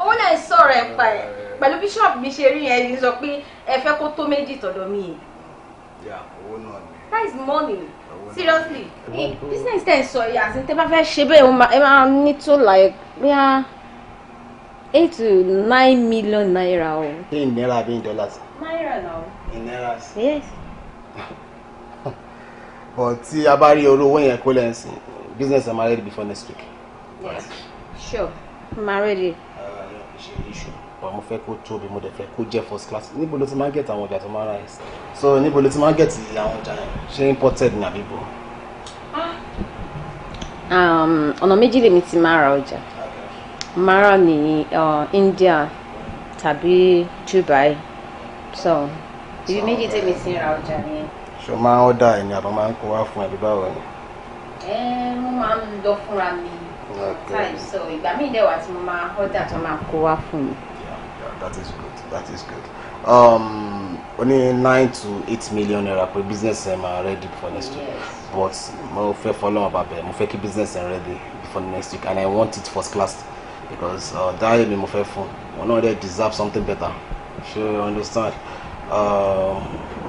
owó náà ah, ah, sọ̀rọ̀ ẹ̀ pa ẹ̀ pẹ̀lú bíṣọ̀bù mi ṣe rí yẹn ẹni sọ pé ẹ fẹ́ kó tó méjì tọ̀dọ̀ mi owó náà ni. that is money seriously business tẹ̀ ń sọ yìí àti tẹ́ bá fẹ́ ṣe bẹ́ẹ̀ ẹ máa ní tó like eight to nine million naira o. in naira àbí in dollars. naira na o. in naira. yes. but tí a bá rí olówó yẹn kó lẹ́yìn sí business am ready before next week. yes sure i'm ready. àwọn mo fẹ́ kó tóbi mo dẹ̀ fẹ́ kó jẹ́ first class níbo ló ti máa ń gẹ̀tì àwọn ọjà tó máa ń ra ẹ̀ sí. so níbo ló ti máa ń gẹ̀tì àwọn ọjà yẹn ṣé imported ni àbí bò. Ah. Um, ọ̀nà méjì lèmi ti máa ra ọjà mara ni uh, India tàbí Dubai so. ibi méjì tèmi ti ń ra ọjà mi. ṣo máa ń ọ́dà ẹ̀yìn àbọ̀ máa ń kó wá fún ẹbí báwo ni. ẹ mo máa ń lọ fúnra mi so ìgbà míì dẹ̀ wà tí mo máa ọ́dà tó máa kó wá fún mi. yeah yeah that is good that is good um, only nine to eight million naira pe business ẹ máa ready for next week yes. but mo fẹ́ fọlọ́wọ́n bàbẹ̀ mo fẹ́ kí business ẹ ready for next week and I want it first class because ọ̀dà ayé mi mo fun. fún wọn náà deserve something better ṣe you understand uh,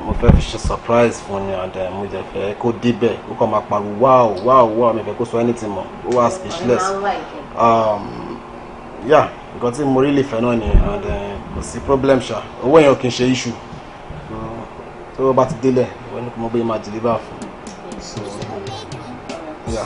mo fẹ́ fi ṣe surprise fún ni and uh, mo jẹ fẹ́ kó débẹ̀ ó kàn máa pariwo wow wow wow mi fẹ́ kó sọ anything mọ́ ó wà speechless um, yeah nǹkan tí really rí lè fẹ́ náà ni and uh, kò sí problem sure. When you can kì í ṣe issue tó bá ti délẹ̀ wọ́n ní kò mọ̀ bóyá deliver So Yeah.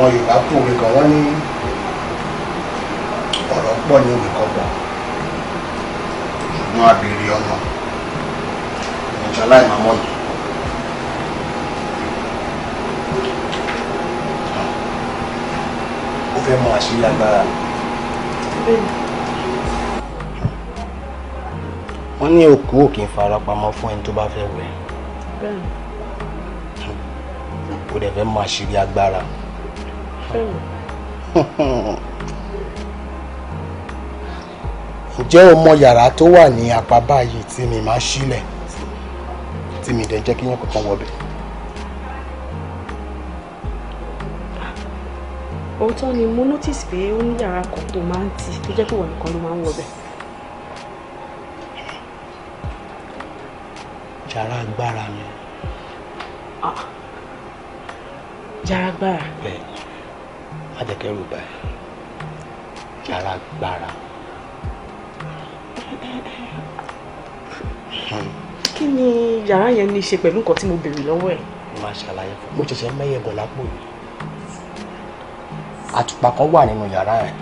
àwọn Yorùbá kú òwe kan wọ́n ní ọ̀rọ̀ pọ̀ ní òwe kọ́pọ̀ ṣùgbọ́n abèrè ọ̀nà ìṣàláì máa mọ̀ yìí. ó fẹ́ mọ àṣírí agbára. wọ́n ní òkú ò kì í fara pamọ́ fún ẹni tó bá fẹ́ wẹ̀. kò dẹ̀ fẹ́ mọ àṣírí agbára fẹ́ mi. ǹjẹ́ o mọ yàrá tó wà ní apá báyìí tí mi máa ṣílẹ̀ tí mi dẹ̀ jẹ́ kí yẹn kankan wọbẹ̀. òótọ́ ni mo notice pé ó ní yàrá kan tó máa ń tì tó jẹ́ pé ìwọ nìkan ló máa ń wọbẹ̀. yàrá agbára mi. Ah, yàrá agbára. bẹ́ẹ̀ ni má jẹ́ kẹ́rù bá ẹ yàrá gbára. kí ni yàrá yẹn ní í ṣe pẹ̀lú nǹkan tí mo béèrè lọ́wọ́ ẹ̀. mo máa ṣàlàyé fún mo ṣẹ̀ṣẹ̀ mẹ́yẹ bọ̀ lápò yìí àtùpà kan wà nínú yàrá yẹn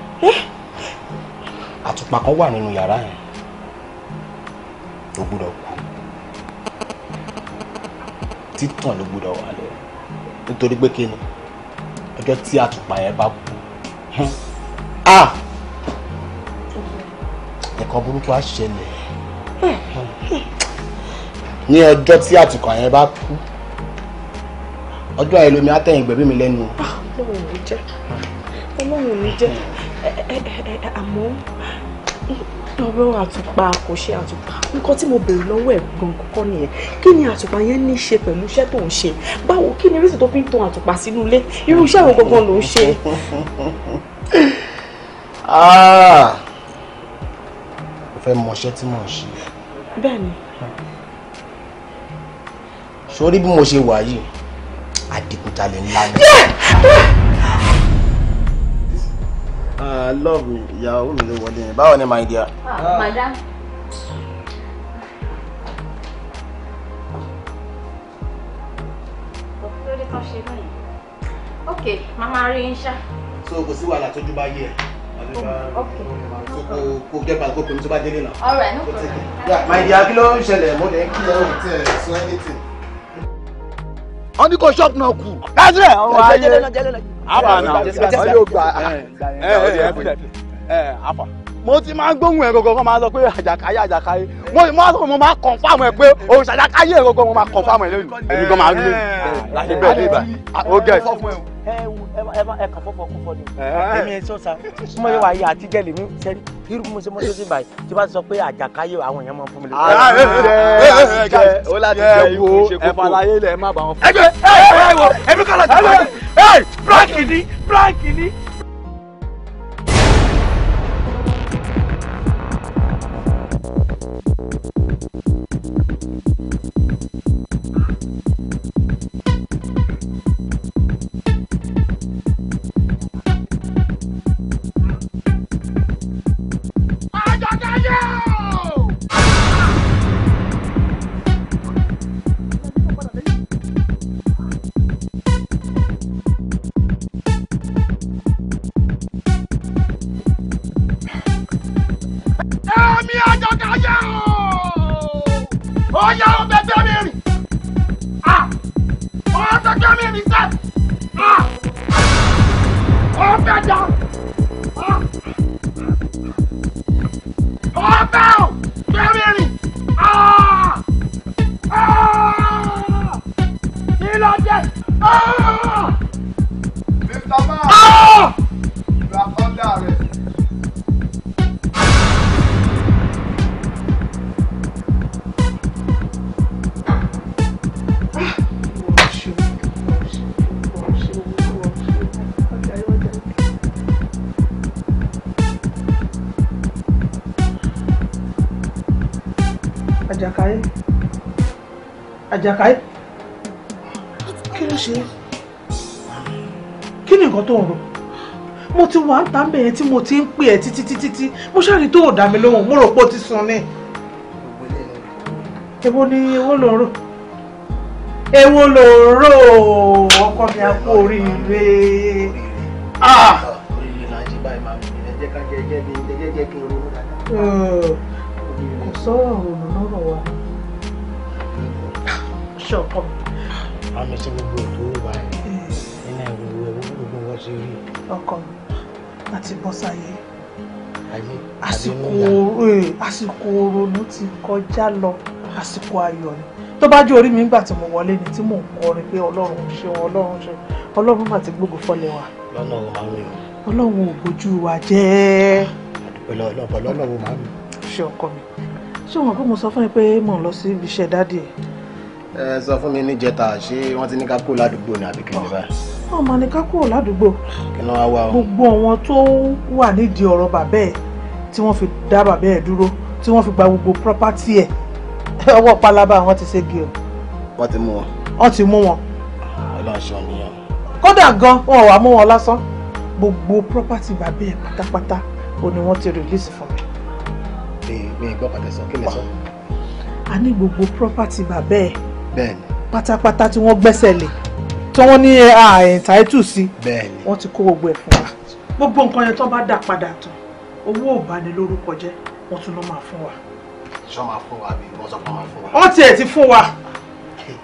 àtùpà kan wà nínú yàrá yẹn tó gbúdọ̀ kú títàn ló gbúdọ̀ wà lẹ́yìn nítorí pé kí ni gẹ́gẹ́ tí àtùpà yẹn bá kú a nǹkan burúkú á ṣẹlẹ̀ ní ọjọ́ tí àtùpà yẹn bá kú ọjọ́ àìlómi àtẹ̀yìngbẹ̀bí mi lẹ́nu. Ah, ọlọ́run ò ní jẹ́ ọlọ́run ò ní jẹ́ dọ̀rọ̀ àtùpà kò ṣe àtùpà nǹkan tí mo béèrè lọ́wọ́ ẹ̀ gan kọ́kọ́ nìyẹn kí ni àtùpà yẹn ní í ṣe pẹ̀lú iṣẹ́ tó ń ṣe báwo kí ni rísì tó fi ń tan àtùpà sínú ilé irú iṣẹ́ àwọn gangan ló ń ṣe. Ah! mo fẹ́ mọṣẹ́ tí mò ń ṣe. bẹ́ẹ̀ni. sórí bí mo ṣe wà yìí adigunjalè ńlá ni. ah love me ìyàwó mi ló what yẹn báwo ni my dear. Ah, ah. madam. Okay, mama So, go rí n ṣá. so kò sí wàhálà oh, Okay. bá yé ẹ kò gẹ́gbà kó pinnu tó bá délé náà. all right no problem. my dear kí ló ń ṣẹlẹ̀ mo lè kí ẹ ò tẹ̀ sọ anything wọn ní kò ṣọ́ọ̀bù náà kù. láti rẹ̀ ọ̀rọ̀ ayé àbà náà wọ́n yóò gba ẹ̀ àbà. mo ti máa ń gbóhùn ẹ̀ gọ́gọ́ máa sọ pé àjàkáyé àjàkáyé mo máa sọ pé mo máa confirm ẹ̀ pé òun ṣàjàkáyé ẹ̀ gọ́gọ́ mo máa confirm ẹ̀ lónìí. èmi gan máa ń lé láti bẹ́ẹ̀ ní ibà ó gẹ̀ ẹ kà fọ́fọ́ kú fọ́ ni èmi ẹ sọ́sà mo yẹ wà yẹ àtijọ́ lèmi sẹ́ni irú mo ṣe mọ́tò sí báyìí tí bá sọ pé àjàkáyé àwọn èèyàn máa ń fún mi lè. ó láti jẹ ikú ṣe kókó ẹ̀fọn aláyé lẹ̀ ẹ má bà wọn fún mi. ẹ jẹ́ ẹ ẹ wo ẹ̀mí kọ́lá jẹ́ ẹ prank ni prank ni. àjàkáyé kí ló ṣe kí ni nǹkan tó ń rò mo ti wà ń ta ń bẹ̀yẹn tí mo ti ń pè ẹ́ títí títí tí mo ṣàrí tó ò dá lóhùn mo rò pé ó ti sùn ni. èwo ni èwo ló ń rò èwo ló ń rò ọkọ mi á kú oríire. Ah! oríire náà ṣe báyìí ṣọ́ ọkọ mi. àmì ṣe gbogbo ètò ìwà ẹ̀ nínú ìwé ìwé gbogbo wọn ti rí. ọkọ mi láti bọ́ sáyé àsìkò eh, àsìkò ronú ti kọjá lọ àsìkò ayọ̀ ni tó bá jẹ́ orí mi nígbà tí mo wọlé ni tí mò ń kọrin pé ọlọ́run ṣe ọlọ́run ṣe ọlọ́run mà ti gbógun fọlẹ̀ wa. o. ọlọ́run ò bójú wa jẹ́. lọ́nà wo máa mi. ṣé ọkọ mi ṣé wọn kó mo sọ fún ẹ pé mò ń lọ sí ibi iṣẹ́ dádì ẹ sọ fún mi níjẹta ṣé wọ́n ti ní ká kó ládùúgbò ní àbí kìnìún báyìí. wọ́n máa ní ká kó ládùúgbò. kìnìún wá wá o. gbogbo àwọn tó wà nídìí ọ̀rọ̀ bàbá ẹ̀ tí wọ́n fi dá bàbá ẹ̀ dúró tí wọ́n fi gba gbogbo property ẹ̀ ọwọ́ pálábá wọn ti ségi o. wọ́n ti mú wọn. wọ́n ti mú wọn. ọlọ́ọ̀ṣọ́ nìyẹn. kódà gan wọn ò wá mú wọn lásán gbogbo property bàbá ẹ̀ pátápátá o ni wọ́n ti release fún mi. mi mi gbọ́ pàtẹ́sọ kí lè sọ. a ní gbogbo property bàbá ẹ̀ bẹ́ẹ̀ni pátápátá tí wọ́n gbẹ́sẹ̀ lé tí wọ́n ní entitled sí bẹ́ẹ̀ni wọ́n ti kó gbogbo ẹ̀ fún wa gbogbo nǹkan yẹn tó bá dà padà tán owó ò bá ní lórúkọ jẹ́ wọ́n tún lọ́ máa fún wa. ṣọ́ máa fún wa bí wọ́n sọ pé máa fún wa. wọ́n tiẹ̀ ti fún wa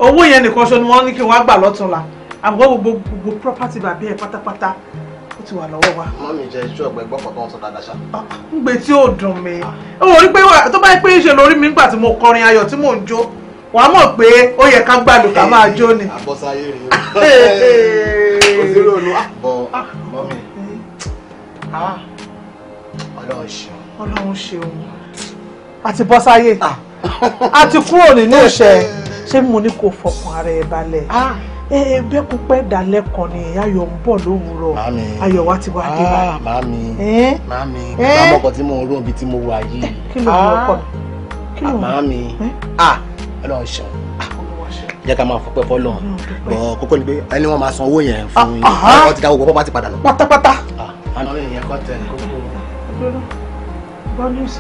owó yẹn nìkan ṣo ni wọ́n ní kí wọ́n á gbà lọ́túnla àbúrò gbogbo gbogbo property bàbí ẹ̀ pátápátá ó ti wà lọ́wọ́ wa. mọ́ mi jẹ iṣu ọ̀gbẹ́ gbọ́kọ̀ tó ń sọ dáadáa ṣá. ń ah, gbé tí ó dùn mí. ó wò rí pé tó bá yẹ pé ìṣèlórí mi ń tí mo kọrin ayọ̀ tí mò ń jó wàá mọ̀ pé ó yẹ ká gbàlù ká máa jó ni. àbọ̀sáyé rèé o zero nu àbọ̀ mọ́mí. ọlọ́run ṣeun. ọlọ́run ṣeun. a ti bọ́ sáyé ah. a ti kúrò nínú ìṣẹ́ ṣé mo ní kó fọkàn ara ẹ balẹ̀ ee ah. bẹ́ẹ̀ kú pẹ́ dalẹ́ kan ni ayọ̀ ń bọ̀ lówùúrọ̀ ayọ̀ wa ti wá dé wa. Ah, màámi màámi bàbá ọkọ tí mo ń rún ibi tí mo wà yìí. kí ló mú ọkọ mi. ah. Ọlọ́run ṣeun jẹ́ ká máa fọpẹ́ fọ́lọ́run bọ̀ kókó ni pé ẹni wọ́n máa san owó yẹn fún yín ah, ah. wọ́n ti dáwọ́ gbọ́ pátí padà lọ. pátápátá. Ah, àná ìyẹn kọ́ tẹ̀ kókó. àwọn ti gba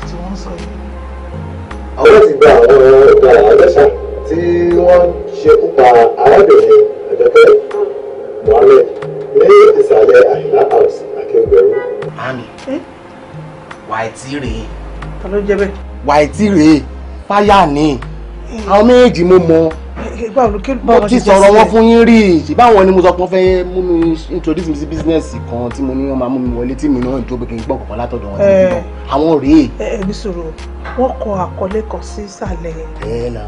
àwọn ọ̀daràn ọlọ́sà tí wọ́n ṣekú pa arábìnrin ẹ̀dẹ́fẹ́ Mohammed ní ìsàlẹ̀ àyìnlá house akẹ́gbẹ̀rú. àmì eh? wàìtí rèé. ta ló jẹ́ bẹ́ẹ̀. wàìtí rèé fáyà ni àwọn méjì mo mọ mo ti sọ̀rọ̀ wọn fún yín rí ṣì báwọn ni mo sọ pé wọ́n fẹ́ mú mi introduce mi sí business kan tí mo ní wọ́n máa mú mi wọlé tí mi náà dúró pé kí n gbọ́ kọ̀ọ̀kan látọ̀dọ̀ wọn níbi náà eh, àwọn rèé. ẹ eh, ẹ eh, bí sòrò wọn kọ àkọlé kan sí ìsàlẹ̀. ẹ là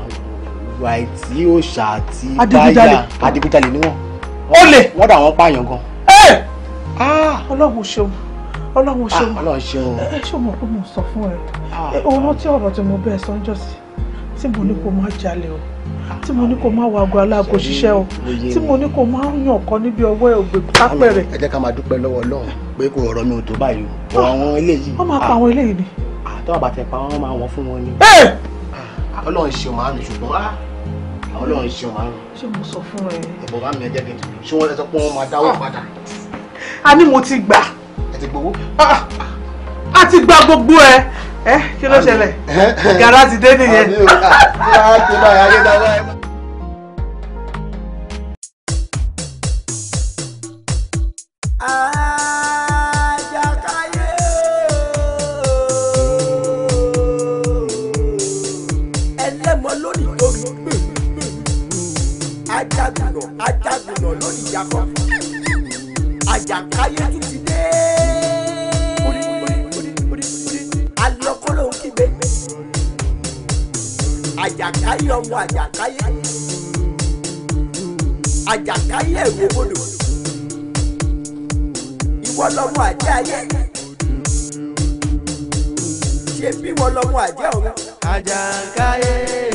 wà tí òòṣà àti báyà adigunjalè ni wọn. ó lè. wọn dà wọn pààyàn gan. ẹ ah! ọlọ́run ṣeun ọlọ́run ah, ṣeun ọlọ́run ṣeun ẹ ṣe mọ̀ pé mo sọ fún ẹ òun ah. rántí ọ̀rọ̀ tí mo bẹ́ẹ̀ sọ́njọ́ sí tí mo ní kó má jalè o tí mo ní kó má wo aago aláago ṣiṣẹ́ o tí mo ní kó má yàn kan níbi ọwọ́ ògbè pápẹ̀rẹ̀. ẹ jẹ́ ká máa dúpẹ́ lọ́wọ́ Ọlọ́run pé kò ọ̀rọ̀ mi ò tó báyìí o ah, àwọn eléyìí. wọ́n máa pa ah. àwọn eléyìí ni. àtọ́ ah, àbàtẹ̀ pa wọ́n máa wọ́n fún wọn ni. Ọlọ́run ṣe màá mi ṣùgbọ́n Ọlọ́run ṣe màá mi. ṣé mo sọ fún ẹ. ẹ̀bùn bá mi ẹ jẹ́ kí n tètè ṣé wọ́n ẹ eh, kí ló ṣẹlẹ̀ eh, eh. gàrà ti dé nìyẹn. àbí o ah, ṣe bí wọn lọmọ àjẹ́ òun. àjàǹkáyé.